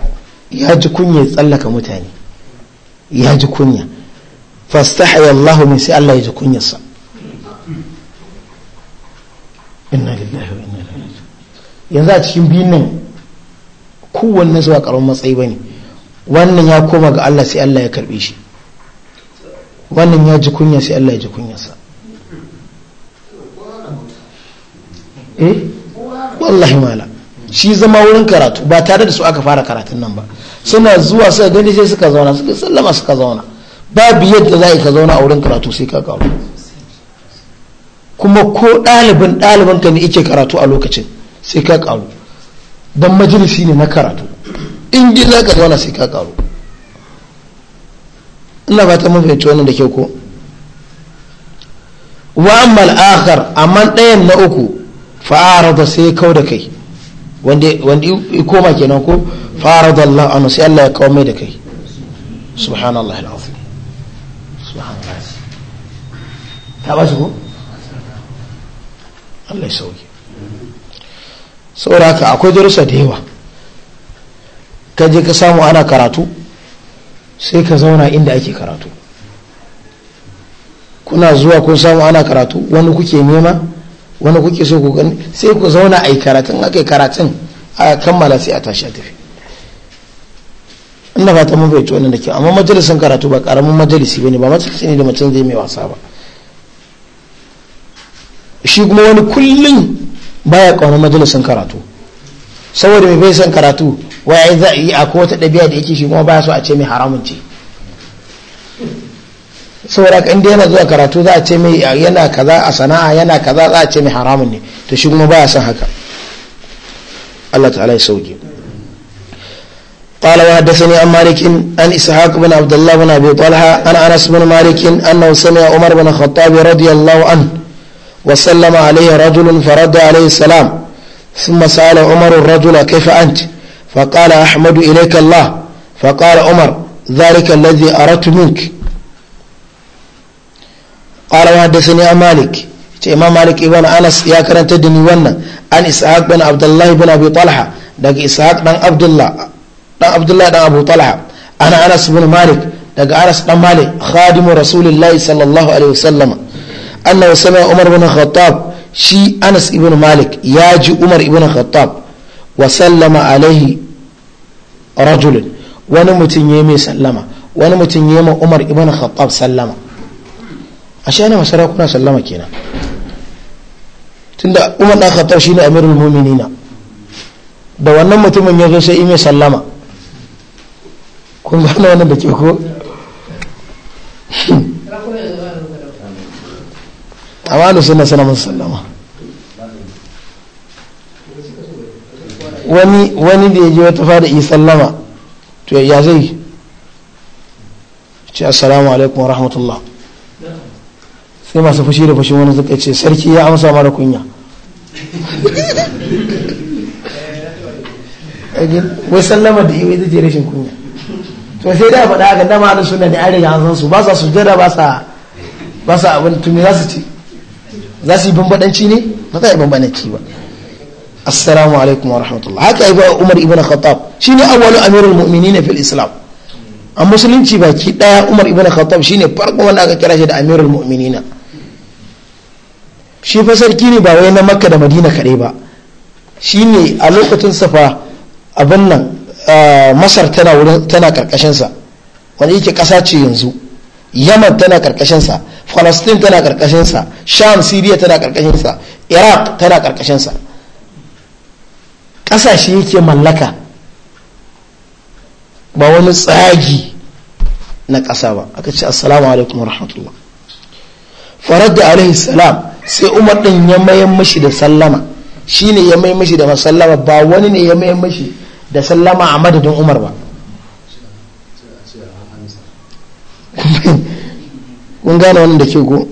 ya ji kunya tsallaka mutane ya ji kunya fastahaya Allah min sai Allah ya ji kunyarsa inna lillahi wa inna ilaihi yanzu a cikin biyun nan kowanne zuwa karamin matsayi ba ne wannan ya koma ga Allah sai Allah ya karbe shi wannan ya ji kunya sai Allah ya ji kunyarsa eh wallahi mala shi zama wurin karatu ba tare da su aka fara karatun nan ba suna zuwa suka gani sai suka zauna suka sallama suka zauna babu yadda za ka zauna a wurin karatu sai ka karu kuma ko ɗalibin ɗalibin ka ne ike karatu a lokacin sai ka karu don majalisi ne na karatu in ji za ka zauna sai ka karu ina ba ta mafi wannan da kyau ko wa amma ɗayan na uku fa'ara da sai kau da kai wanda ya koma kenan ko da Allah anu sai Allah ya kawo mai da kai subhanallah al'azim subhanallah ta ba shi ko Allah ya sauke saboda haka akwai darussa da yawa ka je ka samu ana karatu sai ka zauna inda ake karatu kuna zuwa kun samu ana karatu wani kuke nema wani kuke so ku gani sai ku zauna a yi karatun aka yi karatun a kammala sai a tashi a tafi inda fata mun fahimci wannan da kyau amma majalisin karatu ba karamin majalisi bane ba majalisi ne da mutum zai mai wasa ba shi kuma wani kullum baya ƙaunar majalisin karatu saboda mai bai san karatu waye za a yi akwai wata ɗabi'a da yake shi kuma baya so a ce mai haramun ce saboda ka inda yana zuwa karatu za a ce mai yana kaza a sana'a yana kaza za a ce mai haramun ne to shi kuma baya san haka Allah ta'ala ya sauke قال وحدثني عن مالك عن اسحاق بن عبد الله بن ابي طلحه عن انس بن مالك انه سمع عمر بن الخطاب رضي الله عنه وسلم عليه رجل فرد عليه السلام ثم سأل عمر الرجل كيف أنت فقال أحمد إليك الله فقال عمر ذلك الذي أردت منك قال وحدثني مالك إمام مالك ابن أنس يا كرنت دنيوانا عن إسحاق بن عبد الله بن أبي طلحة دق إسحاق بن عبد الله بن عبد الله بن أبو طلحة أنا أنس بن مالك دق أنس بن مالك خادم رسول الله صلى الله عليه وسلم annahu sami umar ibn khattab shi anas ibn malik ya ji umar ibn khattab wa sallama alaihi rajulun wani mutum ya mai sallama wani mutum ya ma umar ibn khattab sallama a shi yana masarakuna sallama kenan tunda umar khattab shine amirul mu'minina da wannan mutumin ya zo sai ime sallama kun gane wannan da ke ko amma da suna suna masu sallama wani wani da ya je wata fada yi sallama to ya zai ce assalamu alaikum wa rahmatullah sai masu fushi da fushi wani suka ce sarki ya amsa mara kunya wai sallama da iwe zai rashin kunya to sai da faɗa ga dama da suna ne an riga an san su ba sa sujjada ba sa abin tumi za su ci za su yi bambadanci ne ba za a yi bambadanci ba assalamu alaikum wa rahmatullah haka yi umar ibn khattab shine awwalu amirul mu'minin fil islam a musulunci baki daya umar ibn khattab shine farko wanda aka kira shi da amirul mu'minin shi fa sarki ne ba wai na makka da madina kaɗai ba ne a lokacin safa abin nan masar tana wurin tana karkashin yake kasa ce yanzu yaman tana karkashinsa. sa falastin tana karkashinsa sham siriya tana karkashinsa iraq tana karkashinsa ƙasashe yake mallaka ba wani tsagi na ƙasa ba aka ce assalamu alaikum rahmatullah farad da alaihi salam sai umar ɗin ya mayan mashi da sallama shi ne ya mayan mashi da masallama ba wani ne ya mayan mashi da sallama a madadin umar ba <laughs> mun gane wannan da ke go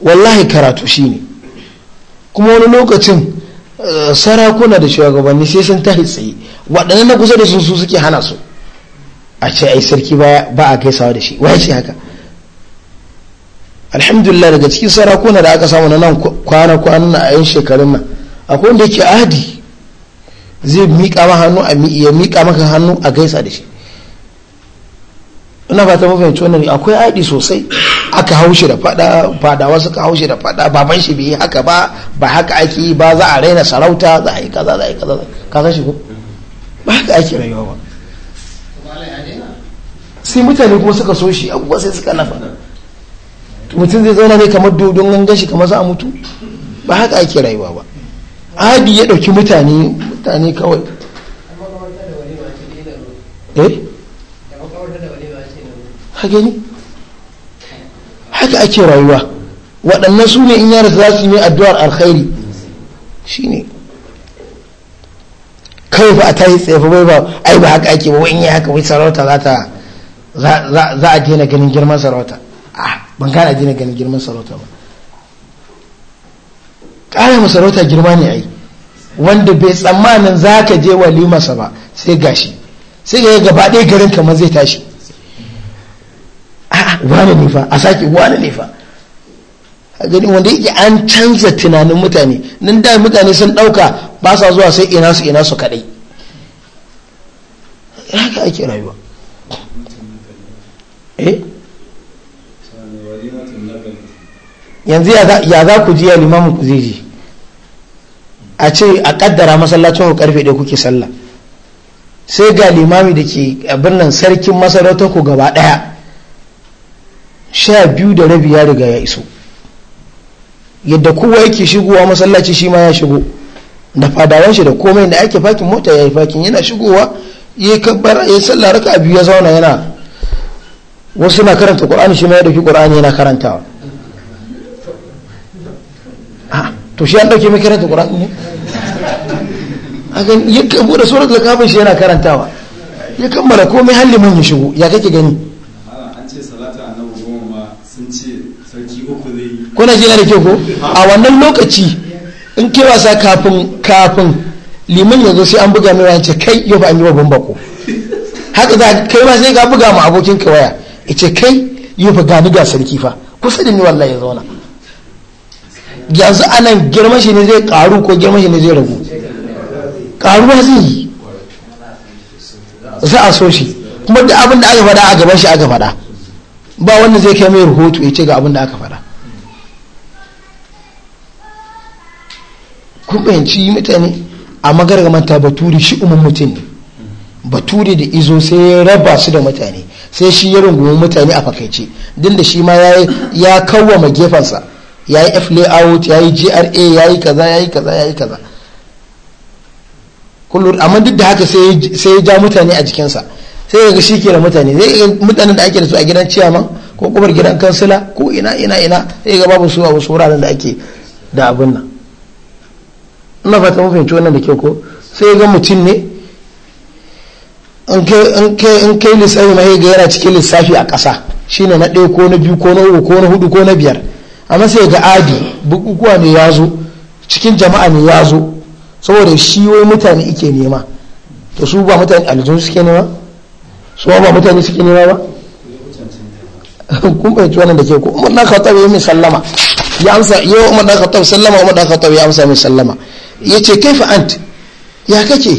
wallahi karatu shi ne kuma wani lokacin eh, sarakuna da shugabanni sai sun tahi tsaye waɗannan na kusa da su su suke hana su a ce ai sarki ba a sawa da shi wace haka alhamdulillah daga cikin sarakuna da aka samu na nan kwana kwana na a shekarun nan akwai wanda yake adi zai miƙa ma hannu ya miƙa maka hannu a gaisa da shi ina fata mu fahimci wannan akwai aidi sosai aka haushi da fada fadawa suka haushi da fada baban shi bai haka ba ba haka ake yi ba za a raina sarauta za a yi kaza za a yi kaza ka san shi ko ba haka ake rayuwa ba sai mutane kuma suka so shi abubuwa sai suka nafa mutum zai zauna ne kamar dodon gangan shi kamar za a mutu ba haka ake rayuwa ba adi ya dauki mutane mutane kawai eh ka gani haka ake rayuwa waɗannan su ne in yara za su yi addu'ar alkhairi shi ne kawai ba a ta yi tsefa bai ba ai ba haka ake ba wani yi haka wai sarauta za ta za a daina ganin girman sarauta ah, a ban gana daina ganin girman sarauta ba ƙara ma sarauta girma ne ai wanda bai tsammanin za ka je limasa ba sai gashi sai ga gaba ɗaya garin kamar zai tashi wane ne fa a sake wane ne fa a gani wanda yake an canza tunanin mutane nan da mutane sun ɗauka ba sa zuwa sai ina su ina su kaɗai haka ake rayuwa eh? yanzu ya za ku ji ya limamin ku zai ji a ce a kaddara masallacin ku karfe ɗaya kuke sallah sai ga limami da ke abin sarkin masarautar ku gaba ɗaya sha biyu da rabi ya riga ya iso yadda kowa yake shigowa masallaci shi ma ya shigo da fadawan shi da komai da ake fakin mota ya yi fakin yana shigowa ya kabbar ya sallah raka a biyu ya zauna yana wasu na karanta qur'ani shi ma ya dafi qur'ani yana karantawa to shi an dauke mai karanta qur'ani ne a kan yi kabo da suratul kafin shi yana karantawa ya kammala komai hallimin ya shigo ya kake gani kuna na da kyau ko a wannan lokaci in ke wasa kafin kafin liman ya sai an buga mai wance kai yau ba an yi wa bamba ko haka za kai ma sai ka buga ma abokin ka waya ce kai yau ba gani ga sarki fa kusa da ni wallahi ya zauna yanzu anan girman shi ne zai karu ko girman shi ne zai ragu karuwa zai yi za a so shi kuma duk abin da aka faɗa a gaban shi aka faɗa ba wanda zai kai mai rahoto ya ce ga abin da aka faɗa kun fahimci mutane a magargamanta baturi shi umar mutum ne baturi da izo sai ya raba su da mutane sai shi ya rungumi mutane a fakaice din da shi ma ya kawo ma gefensa ya yi f layout ya yi gra ya yi kaza ya yi kaza ya yi kaza amma duk da haka sai ya ja mutane a jikinsa sai ga shi ke da mutane zai mutanen da ake da su a gidan ciyama ko kuma gidan kansila ko ina ina ina sai ga babu su a wasu wuraren da ake da abin nan ina fata mun fahimci wannan da ke ko sai ga mutum ne in kai lissafi ma ga yana cikin lissafi a ƙasa shine na ɗaya ko na biyu ko na uku ko na hudu ko na biyar amma sai ga adi bukukuwa ne ya zo cikin jama'a ne ya zo saboda shi wai mutane ike nema to su ba mutane aljihun suke nema su ba mutane suke nema ba kun fahimci wannan da ke ko umar na khattab ya mai sallama ya amsa yau umar na khattab sallama umar na khattab ya amsa mai sallama ya ce kaifa ant ya kake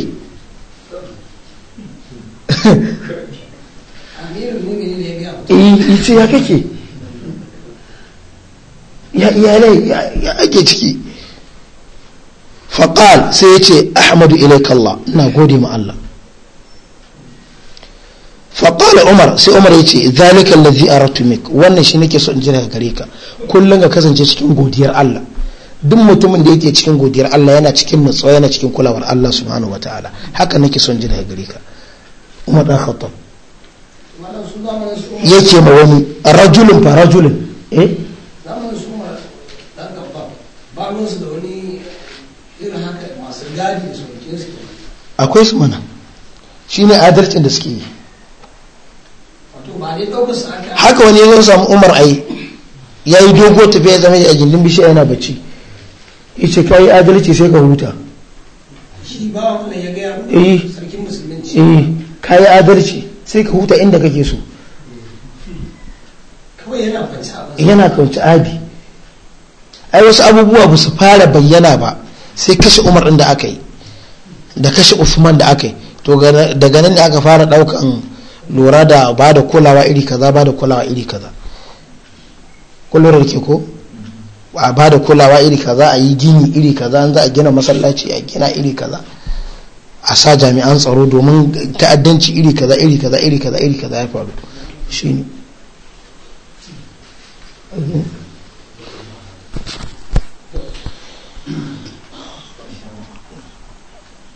eh, ya ce ya kake ya iyalai ya ake ciki faƙal sai ya ce ahmadu ilaikalla na gode ma Allah faƙala umar sai umar ya ce zalika lazi a ratumik wannan shi nake son in gare ka kullum ka kasance cikin godiyar Allah duk mutumin da yake cikin godiyar Allah yana cikin nutsuwa yana cikin kulawar Allah subhanahu wa ta'ala haka nake son ji daga gare ka umar dan khattab yake ma wani rajulun fa rajulun eh akwai su mana shi ne adalcin da suke yi haka wani ya samu umar ai ya yi dogo tafiya zama a gindin bishiya yana bacci ice ka yi adalci sai ka huta shi ba Allah ya gaya muku eh. sarkin musulunci eh. ka yi adalci sai ka huta inda kake so kawai yana kwanci abi yana ai wasu abubuwa ba su fara bayyana ba sai kashe Umar ɗin da aka yi da kashe Usman da aka yi to daga nan da aka fara daukan lura da ba da kulawa iri kaza ba da kulawa iri kaza kullum ke ko a ba da kulawa iri kaza a yi gini iri kaza za a gina masallaci a gina iri kaza a sa jami'an tsaro domin ta'addanci iri kaza iri kaza iri kaza iri kaza ya faru shine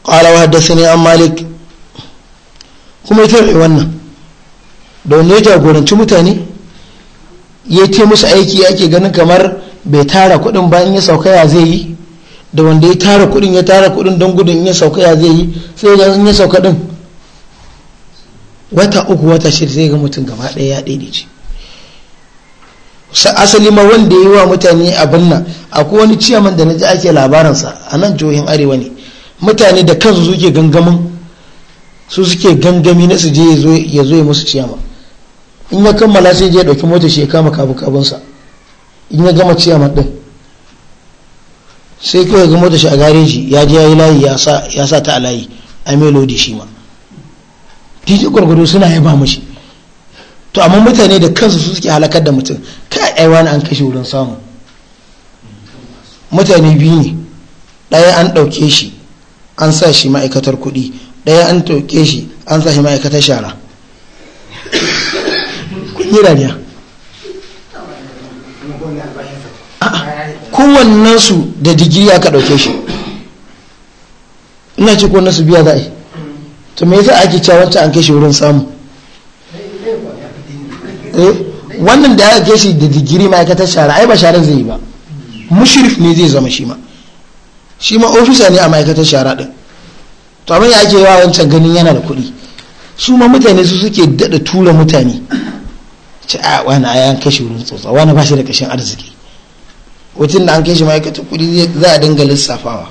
haddasa ne an malik kuma ya karɓe wannan da wanda ya jagoranci mutane ya ce musu aiki ake ganin kamar bai tara kuɗin ba in ya sauka ya zai yi da wanda ya tara kuɗin ya tara kuɗin don gudun in ya sauka ya zai yi sai ga in ya sauka din wata uku wata shida zai ga mutum gaba ɗaya ya sa asali ma wanda ya yi wa mutane abin nan akwai wani ciyaman da na ji ake labaransa a nan jihohin arewa ne mutane da kansu suke gangamin su suke gangami na su je ya zo ya musu ciyama in ya kammala sai je ya ɗauki mota shi ya kama kabu kabunsa in ya gama ciyama din sai kawai ga mota shi a gareji ya je ya yi layi ya sa ta a layi a melodi shi ma titi gwargwado suna ba mashi to amma mutane da kansu su suke halakar da mutum kai ai wani an kashe wurin samu mutane biyu ne ɗaya an ɗauke shi an sa shi ma'aikatar kuɗi ɗaya an ɗauke shi an sa shi ma'aikatar shara kun yi dariya kowannensu da digiri aka ɗauke shi ina ce kowannen su biya za a yi to me yasa ake cewa wancan an kashe wurin samu eh, wannan da aka kashe da digiri ma'aikatar shara ai ba sharar zai yi ba mushrif ne zai zama shi ma shi ma ofisa ne a ma'aikatar shara din to abin ya ake yawa wancan ganin yana da kuɗi su ma mutane su suke daɗa tura mutane ce a ah, wani a yan kashe wurin tsotsa wani ba shi da kashin arziki mutum da an kai shi ma'aikacin kuɗi za a dinga lissafawa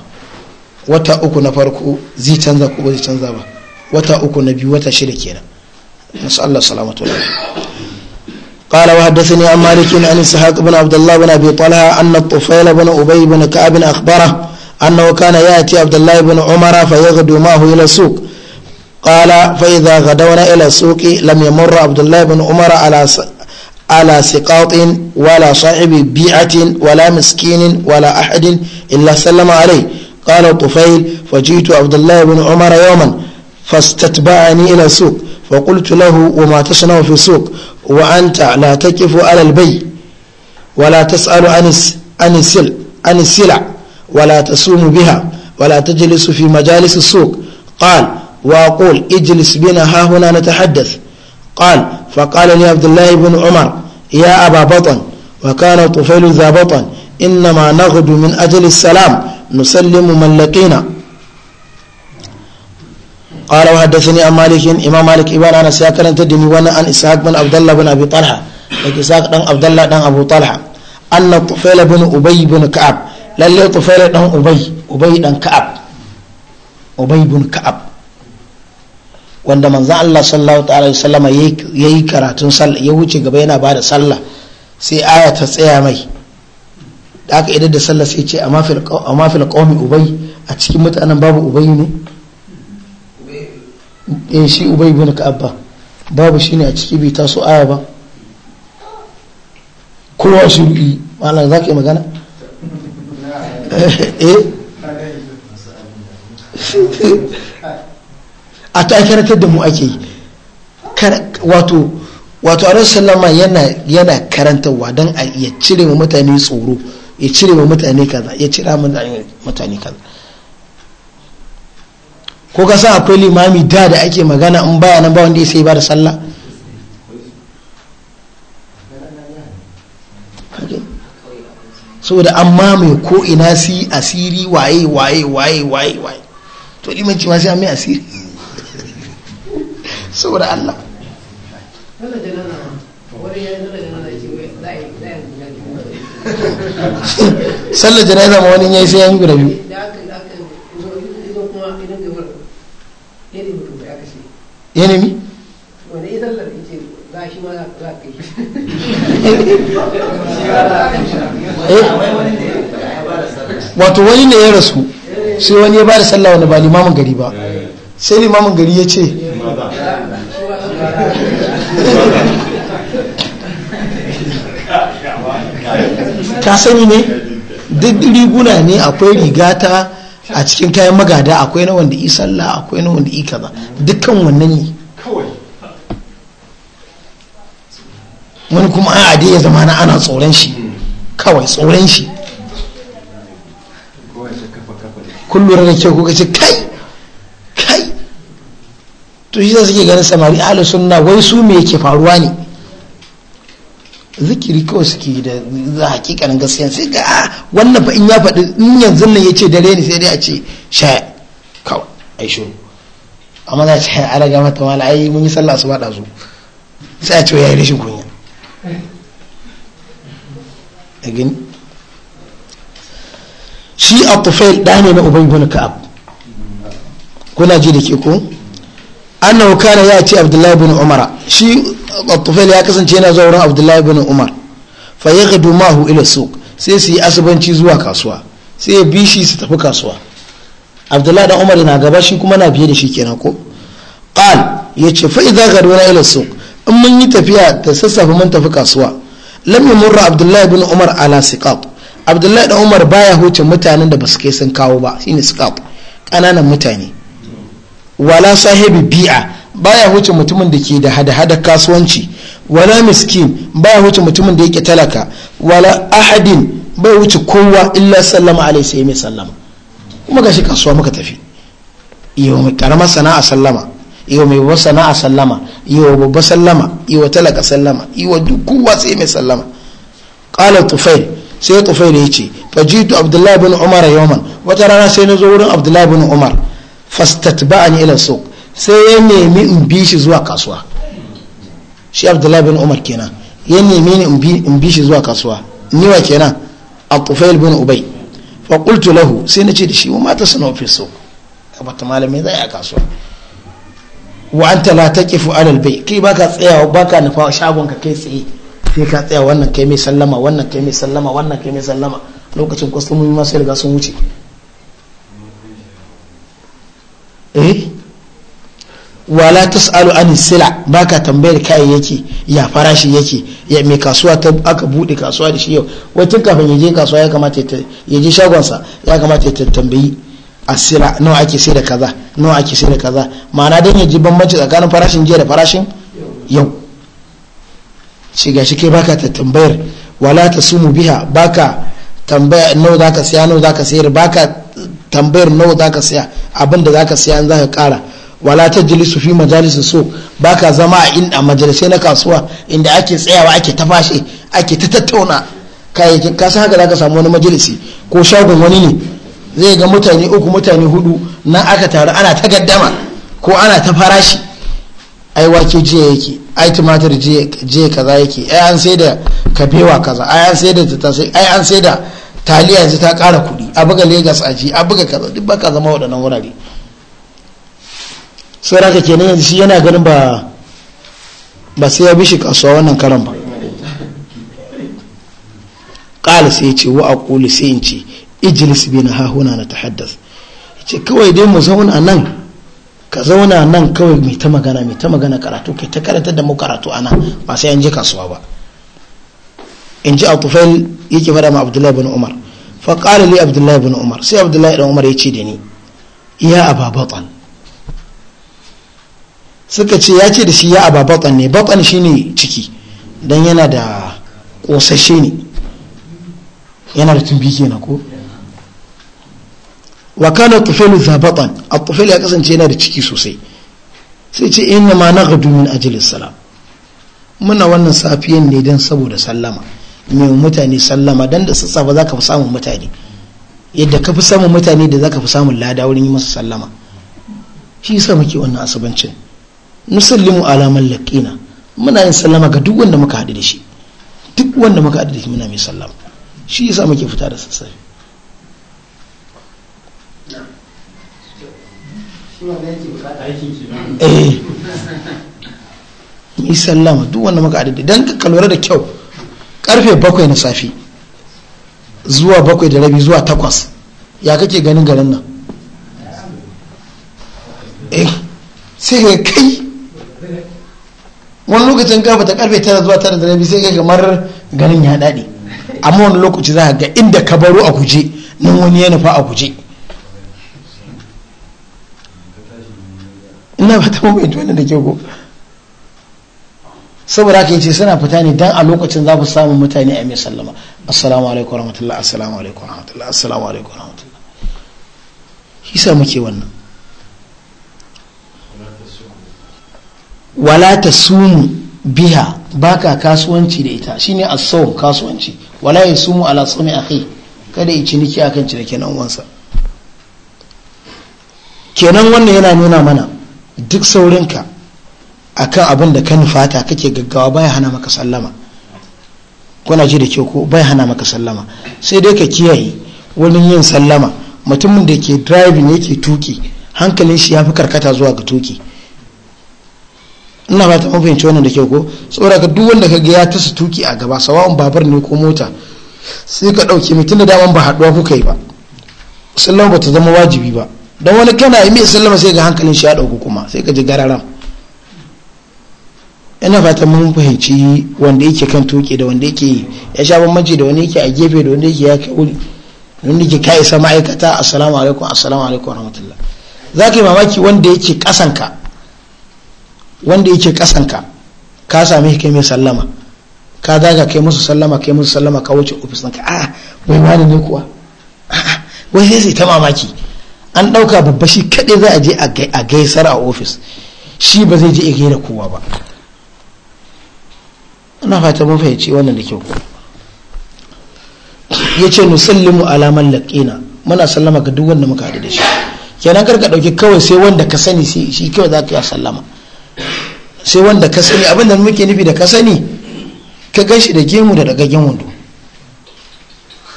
wata uku na farko zai canza ko ba zai canza ba wata uku na biyu wata shida kenan nasu Allah salamatu wa قال وحدثني عن مالك عن اسحاق بن عبد الله بن ابي طلحه ان الطفيل بن ابي بن كعب اخبره انه كان ياتي عبد الله بن عمر فيغدو معه الى السوق قال فاذا غدونا الى السوق لم يمر عبد الله بن عمر على على سقاط ولا صاحب بيعة ولا مسكين ولا أحد إلا سلم عليه قال طفيل فجئت عبد الله بن عمر يوما فاستتبعني إلى السوق فقلت له وما تصنع في السوق وأنت لا تكف على البي ولا تسأل عن عن السلع عن السلع ولا تصوم بها ولا تجلس في مجالس السوق قال وأقول اجلس بنا ها هنا نتحدث قال فقال لي عبد الله بن عمر يا أبا بطن وكان طفيل ذا بطن إنما نغدو من أجل السلام نسلم من لقينا قال وحدثني عن مالك إمام مالك إبان أنا ساكرا تدني وأنا عن إسحاق بن عبد الله بن أبي طلحة لك إسحاق بن عبد الله بن أبو طلحة أن طفيل بن أبي بن كعب للي طفيل بن أبي أبي بن كعب أبي بن كعب wanda manzan Allah sallallahu ta'ala sallama ya yi karatun sallah ya wuce gaba yana bada sallah sai aya ta tsaya mai aka idar da sallah sai ce a mafila ƙaunin ubai a cikin mutanen babu ubai ne ya eh, shi ubai bin ka'abba babu shine a ciki bai taso aya ba kowa shiru'i ma'ana za ka yi magana <laughs> eh a ta da mu ake yi wato wato a sallama yana yana karantarwa don a ya cire wa mutane tsoro ya cire wa mutane kaza ya cira mutane kaza ko ka sa akwai limami da da ake magana in baya nan ba wanda ya sai ba da sallah saboda an mamaye ko ina si asiri waye waye waye waye waye to limanci ma sai an mai asiri saboda Allah sallar jana'iza ma wani yayi sai ya yi guda biyu ya nemi eh, wato wani ne ya rasu sai wani ya ba da sallah wani ba limamin gari ba sai limamin gari ya ce maza ka sani ne duk riguna ne akwai rigata a cikin kayan magada akwai na wanda i sallah akwai na wanda i kaza dukkan wannan ne wani kuma a ade ya zama na ana tsoron shi kawai tsoron shi kullum da ke kuka ce kai to shi suke ganin samari ahlus sunna wai su me yake faruwa ne zikiri kawai suke da za hakikanin gaskiya sai ga ah, wannan ba in ya faɗi in yanzu nan ya ce dare ne sai dai a ce sha kawai ai shuru amma za a ce ala ga mata mala ai mun yi sallah su da su sai a ce ya yi rashin kunya again shi a tufail ɗa na ubangiji ka'ab kuna ji da ke ko annahu kana ya ce abdullahi bin Umar shi tufail ya kasance yana zuwa wurin abdullahi bin umar fa ya gadu mahu ila sai su yi asubanci zuwa kasuwa sai ya bi shi su tafi kasuwa abdullahi dan umar na gaba shi kuma na biye da shi kenan ko qal ya fa idza gaduna ila suq in mun yi tafiya ta sassafe mun tafi kasuwa lam yamurra abdullahi bin umar ala siqat abdullahi dan umar baya huce mutanen da basu kai sun kawo ba shine siqat kananan mutane wala sahibi bi'a baya wuce mutumin da ke da hada-hada kasuwanci wala miskin baya wuce mutumin da yake talaka wala ahadin bai wuce kowa illa sallama alaihi sai mai sallama kuma gashi kasuwa muka tafi Yau mai karamar sana'a sallama yau mai babbar sana'a sallama iyo babbar sallama yau talaka sallama iyo duk kowa sai mai sallama qala tufail sai tufail yace fajitu abdullahi bin umar yawman wata rana sai na zo wurin abdullahi bin umar fastatba'ani ila suq sai ya nemi in bi shi zuwa kasuwa shi abdullahi bin umar kenan ya nemi ni in bi shi zuwa kasuwa ni wa kenan atufail bin ubay fa qultu lahu sai nace da shi wa mata sana fi suq ta malami zai a kasuwa wa anta la taqifu ala albay kai baka tsayawa baka nufa shagon ka kai tsaye sai ka tsaya wannan kai mai sallama wannan kai mai sallama wannan kai mai sallama lokacin kwastomomi ma sai sun wuce eh wala tas'alu an sila baka tambayar kayayyaki ya farashi yake ya mai kasuwa ta aka bude kasuwa da shi yau wacin kafin ya je kasuwa ya kamata ya je shagonsa ya kamata ya tambayi asila nawa ake sai da kaza nawa ake sai da kaza ma'ana dan ya ji bambanci tsakanin farashin jiya da farashin yau shi gashi kai baka ta tambayar wala ta sumu biha baka tambaya nawa zaka siya nawa zaka sayar baka tambayar nawa za ka siya abin da za ka siya za ka kara wala ta su fi majalisun so ba ka zama a inda majalisai na kasuwa inda ake tsayawa ake ta fashe ake ta tattauna kayayyakin ka san haka za ka samu wani majalisi ko shagon wani ne zai ga mutane uku mutane hudu nan aka taru ana ta gaddama ko ana ta farashi ai wake jiya yake ai tumatir jiya kaza yake ai an sai da kafewa kaza ai an sai da tattasai ai an sai da taliya yanzu ta kara kuɗi a buga legas a ji a buga kaza duk baka zama waɗannan wurare sai raka kenan yanzu shi yana ganin ba ba sai ya bishi kasuwa wannan karan ba ƙala sai ce wa aqulu sai in ce ijilis bina na hahuna na tahaddas ce kawai dai mu zauna nan ka zauna nan kawai mai ta magana mai ta magana karatu kai ta karatar da mu karatu ana ba sai an je kasuwa ba in ji al-tufail yake fada ma abdullahi bin umar fa qala li abdullahi bin umar sai abdullahi bin umar ya ce da ni ya aba batan suka ce ya ce da shi ya aba batan ne batan shine ciki dan yana da kosashe ne yana da tumbi na ko wa kana tufailu za batan at-tufail ya kasance yana da ciki sosai sai ce inna ma naghdu min ajli salam muna wannan safiyan ne dan saboda sallama mai mutane sallama dan da tsatsa ba za ka fi samun mutane yadda ka fi samun mutane da za ka fi samun lada wurin yi masa sallama shi yasa muke wannan asubancin nusallimu ala mallaqina muna yin sallama ga duk wanda muka haɗu da shi duk wanda muka haɗu da shi muna mai sallama shi yasa muke fita da sassafe eh sallama duk wanda muka haɗu da dan ka lura da kyau karfe bakwai na safe zuwa bakwai da rabi zuwa takwas ya kake ganin garin nan eh, sai ga kai wani lokacin ka fita karfe tara zuwa tara da rabi sai ga kamar ganin ya daɗe amma wani lokaci za ga inda ka baro a guje nan wani ya nufa a guje ina ba ta mamaye wani da ke ko saboda haka yace suna fita ne dan a lokacin za ku samu mutane a mai sallama assalamu alaikum warahmatullahi assalamu alaikum warahmatullahi assalamu alaikum warahmatullahi shi muke wannan wala tasumu biha baka kasuwanci da ita shine as-sawm kasuwanci wala yasumu ala sawmi akhi kada yi ciniki akan cinikin nan wansa kenan wannan yana nuna mana duk saurinka akan abin da ka nufata kake gaggawa baya hana maka sallama kuna ji da ke ko bai hana maka sallama sai dai ka kiyaye wani yin sallama mutumin da ke ya ke tuki hankalin shi ya fi karkata zuwa ga tuki ina ba ta yanci wannan da ke ko tsora ka duk wanda ka ga ya tasa tuki a gaba sawa'un babar ne ko mota sai ka ɗauki mutum da daman ba haɗuwa kuka yi ba sallama ba ta zama wajibi ba don wani kana yi mai sallama sai ga hankalin shi ya ɗauku kuma sai ka ji gararan ina fata mun fahimci wanda yake kan tuki da wanda yake ya sha bambanci da wanda yake a gefe da wanda yake ya wuri wanda yake ka isa ma'aikata assalamu alaikum assalamu alaikum rahmatullah za ka yi mamaki wanda yake kasanka wanda yake kasanka ka sami kai mai sallama ka daga kai musu sallama kai musu sallama ka wuce ofis ɗinka a wai wani ne kuwa wai sai sai ta mamaki an ɗauka babba shi kaɗai za a je a gaisar a ofis shi ba zai je a gaira kowa ba ana fata mun fahimci wannan da kyau ya ce nusallimu alaman laƙina muna sallama ga duk wanda muka haɗu da shi kenan karka ɗauki kawai sai wanda ka sani shi kawai za ka yi sallama sai wanda ka sani abin da muke nufi da ka sani ka gan shi da gemu da gemu wando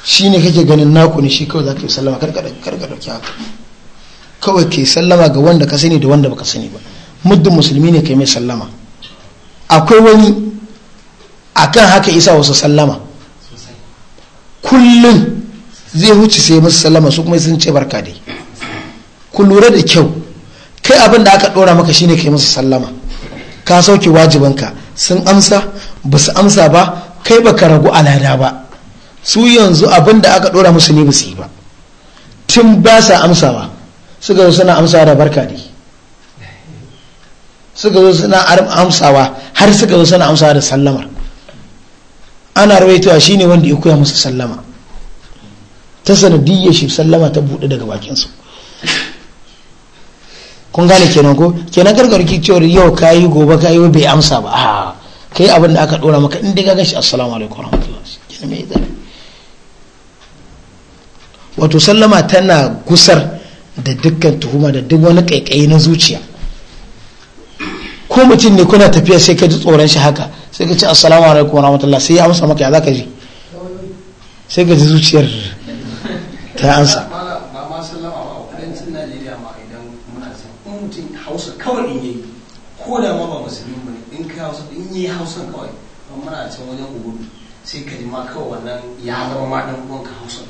shi ne kake ganin naku ne shi kawai za ka yi sallama karka ɗauki haka kawai ka yi sallama ga wanda ka sani da wanda baka sani ba muddin musulmi ne ka yi mai sallama akwai wani akan haka isa wasu sallama kullum zai wuce sai musu sallama su kuma sun ce barka dai ku lura da kyau kai abin da aka dora maka shine kai musu sallama ka sauke wajibanka sun amsa ba su amsa ba kai ba ka ragu alada ba su yanzu abin da aka dora musu ne ba su yi ba tun ba sa amsawa suka zo suna amsawa da barka dai suka zo suna amsawa har suka zo suna amsawa da sallamar ana rawaitowa shine wanda ya koya musu sallama ta sanadiyya shi sallama ta bude daga bakinsu kun gane kenan ko kenan gargarki cewa yau kayi gobe kayi bai amsa ba a kai abin da aka dora maka in ga gashi assalamu alaikum warahmatullahi kenan mai zabi wato sallama tana gusar da dukkan tuhuma da duk wani kaikayi na zuciya ko mutum ne kuna tafiya sai ka ji tsoron shi haka sai ka ce assalamu alaikum wa rahmatullah sai ya amsa maka ya zaka ji sai ka ji zuciyar ta ansa yi hausan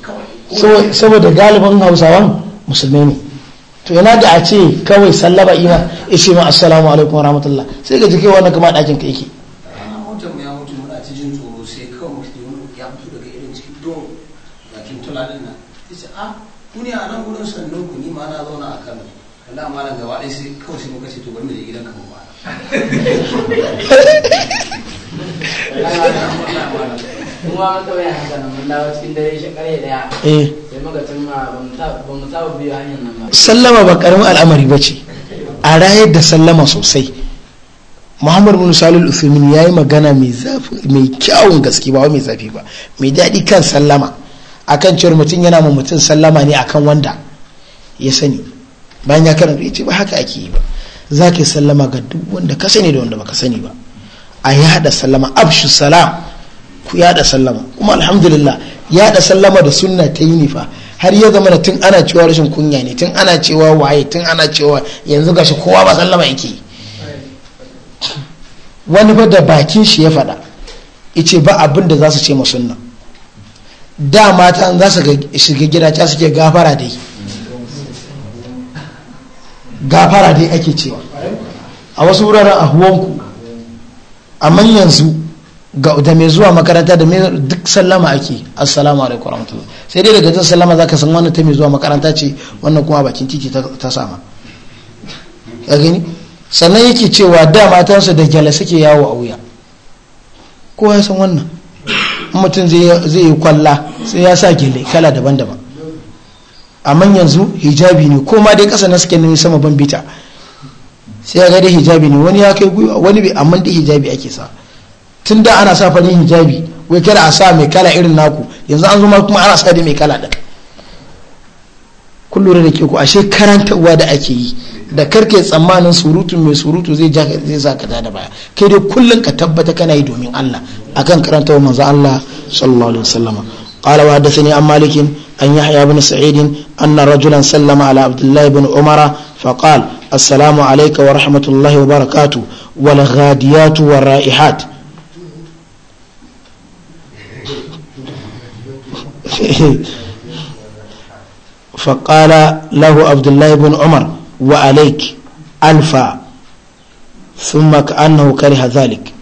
kawai hausa saboda galibin hausawan musulmi ne to yana da a ce kawai sallaba ima ishe ma assalamu alaikum wa rahmatullah sai ka ji kai wannan kuma dakin ka yake ku ne a nan wurin sannan ku ni ma na zauna a kano Allah ma nan gaba ɗaya sai kawai sai muka ce to bari mu je gidan ka mu ba kuma kawai haka nan mun dawo cikin dare shi kare daya eh. sai muka ma ba mu saba biyu hanyar nan ba sallama ba karamin al'amari ba ce a rayar da sallama sosai muhammad bin salul uthumin ya yi magana mai kyawun gaske ba mai zafi ba mai daɗi kan sallama akan cewar mutum yana ma mutum sallama ne akan wanda ya sani bayan ya karanta ya ce ba haka ake yi ba za ka yi sallama ga duk wanda ka sani da wanda baka sani ba a yi haɗa sallama abshu salam ku yaɗa sallama kuma alhamdulillah haɗa sallama da sunna ta yi fa har ya zama tun ana cewa rashin kunya ne tun ana cewa waye tun ana cewa yanzu gashi kowa ba sallama yake wani ba da bakin shi ya faɗa ice ba abin da za su ce ma sunna da mata za su shiga gida ta suke gafara dai gafara dai ake cewa a wasu wuraren a huwanku su yanzu da mai zuwa makaranta da mai duk sallama ake assalamu alaikum warahmatullahi sai dai daga jin sallama zaka san wannan ta mai zuwa makaranta ce wannan kuma bakin titi ta sama ya gani sannan yake cewa da matansa da gyale suke yawo a wuya kowa ya san wannan mutum zai yi kwalla sai ya sa gele kala daban-daban amma yanzu hijabi ne ko ma dai kasa na suke nemi sama ban bita sai ya dai hijabi ne wani ya kai gwiwa wani bai amma dai hijabi ake sa tun da ana sa farin hijabi wai kada a sa mai kala irin naku yanzu an zuma kuma ana sa da mai kala da kun da ke ku ashe karantarwa da ake yi da kar karke tsammanin surutu mai surutu zai zai za da baya kai dai kullum ka tabbata kana domin Allah akan karanta wa manzo Allah sallallahu alaihi wasallam qala wa hadathani an Malikin an yahya ibn sa'id anna rajulan sallama ala abdullah bin umar fa qala assalamu alayka wa rahmatullahi wa barakatu wal ghadiyat wa raihat فقال له عبد الله بن عمر وعليك ألفا ثم كأنه كره ذلك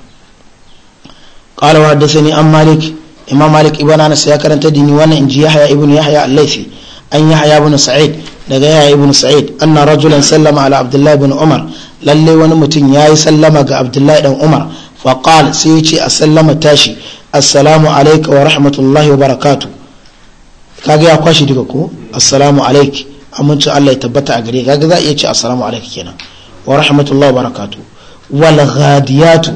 قال وحدثني أم مالك إمام مالك ابن أنس يا كرنت ديني وأنا إن يحيى ابن يحيى الليثي أن يحيى بن سعيد daga yaya ibn sa'id anna rajulan sallama ala abdullahi bin umar lalle wani mutum yayi sallama ga abdullahi dan umar fa qal sai yace a sallama tashi assalamu alayka wa rahmatullahi wa barakatuh kage ya kwashi duka ko assalamu alayki amincin Allah ya tabbata a gare kaga za a iya ce assalamu alaikum kenan wa rahmatullahi wa barakatu wal ghadiyatu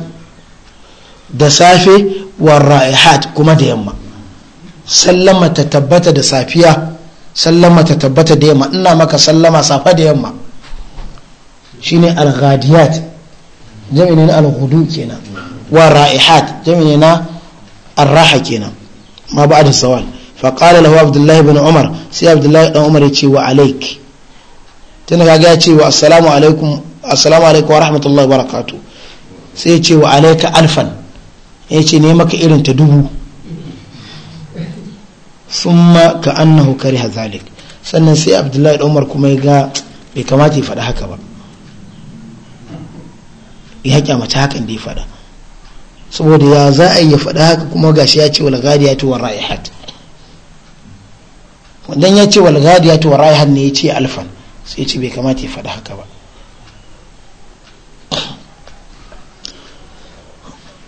da safe wa raihat kuma da yamma sallama ta tabbata da safiya sallama ta tabbata da yamma ina maka sallama safa da yamma shine al ghadiyat na al ghudu kenan wa raihat jami'in na al-raha kenan ma da sawal faƙala lahu abdullahi bin umar sai abdullahi dan umar ya ce wa alaik tun ka ga ya ce wa assalamu alaikum assalamu alaikum wa rahmatullahi wa barakatu sai ya ce wa alaika alfan ya ce ne maka irin ta dubu summa ka annahu kariha zalik sannan sai abdullahi dan umar kuma ya ga bai kamata ya faɗi haka ba ya kyamata hakan da ya faɗa saboda ya za a yi faɗa haka kuma gashi ya ce wal ghadiyatu war raihat dan ya ce wal ghadiyatu wa raihan ne ya ce alfan sai ya ce bai kamata ya faɗi haka ba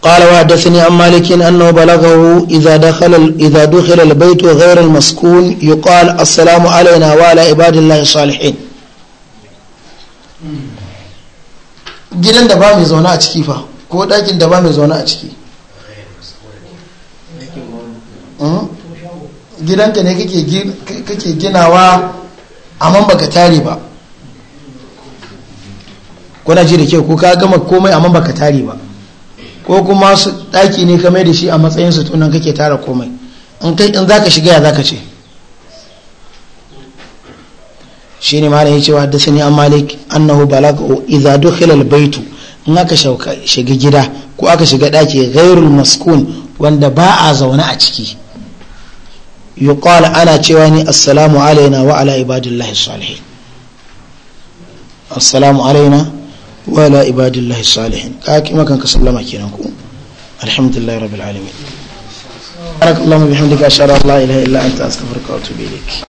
قال وحدثني عن مالك أنه بلغه إذا دخل إذا دخل البيت غير المسكون يقال السلام علينا وعلى عباد الله الصالحين gidan da ba mai zaune a ciki fa ko ɗakin da ba mai zaune a ciki hmm? gidanka ne kake ginawa amma baka tare ba kuna ji da ke ko ka gama komai amma baka tare ba ko kuma su daki ne kamar da shi a matsayin su tunan kake tara komai in kai in zaka shiga ya zaka ce shine ma ne cewa da sani an malik annahu balaga idza dukhila albaytu in aka shiga gida ko aka shiga daki ghairul maskun wanda ba a zaune a ciki yuqal ana cewa ne assalamu alaina wa ala ibadillahi salihin assalamu alaina wa ala ibadillahi salihin ka kima makan ka sallama kenan ku alhamdulillahi rabbil alamin barakallahu bihamdika ashhadu an la ilaha illa anta astaghfiruka wa atubu ilaik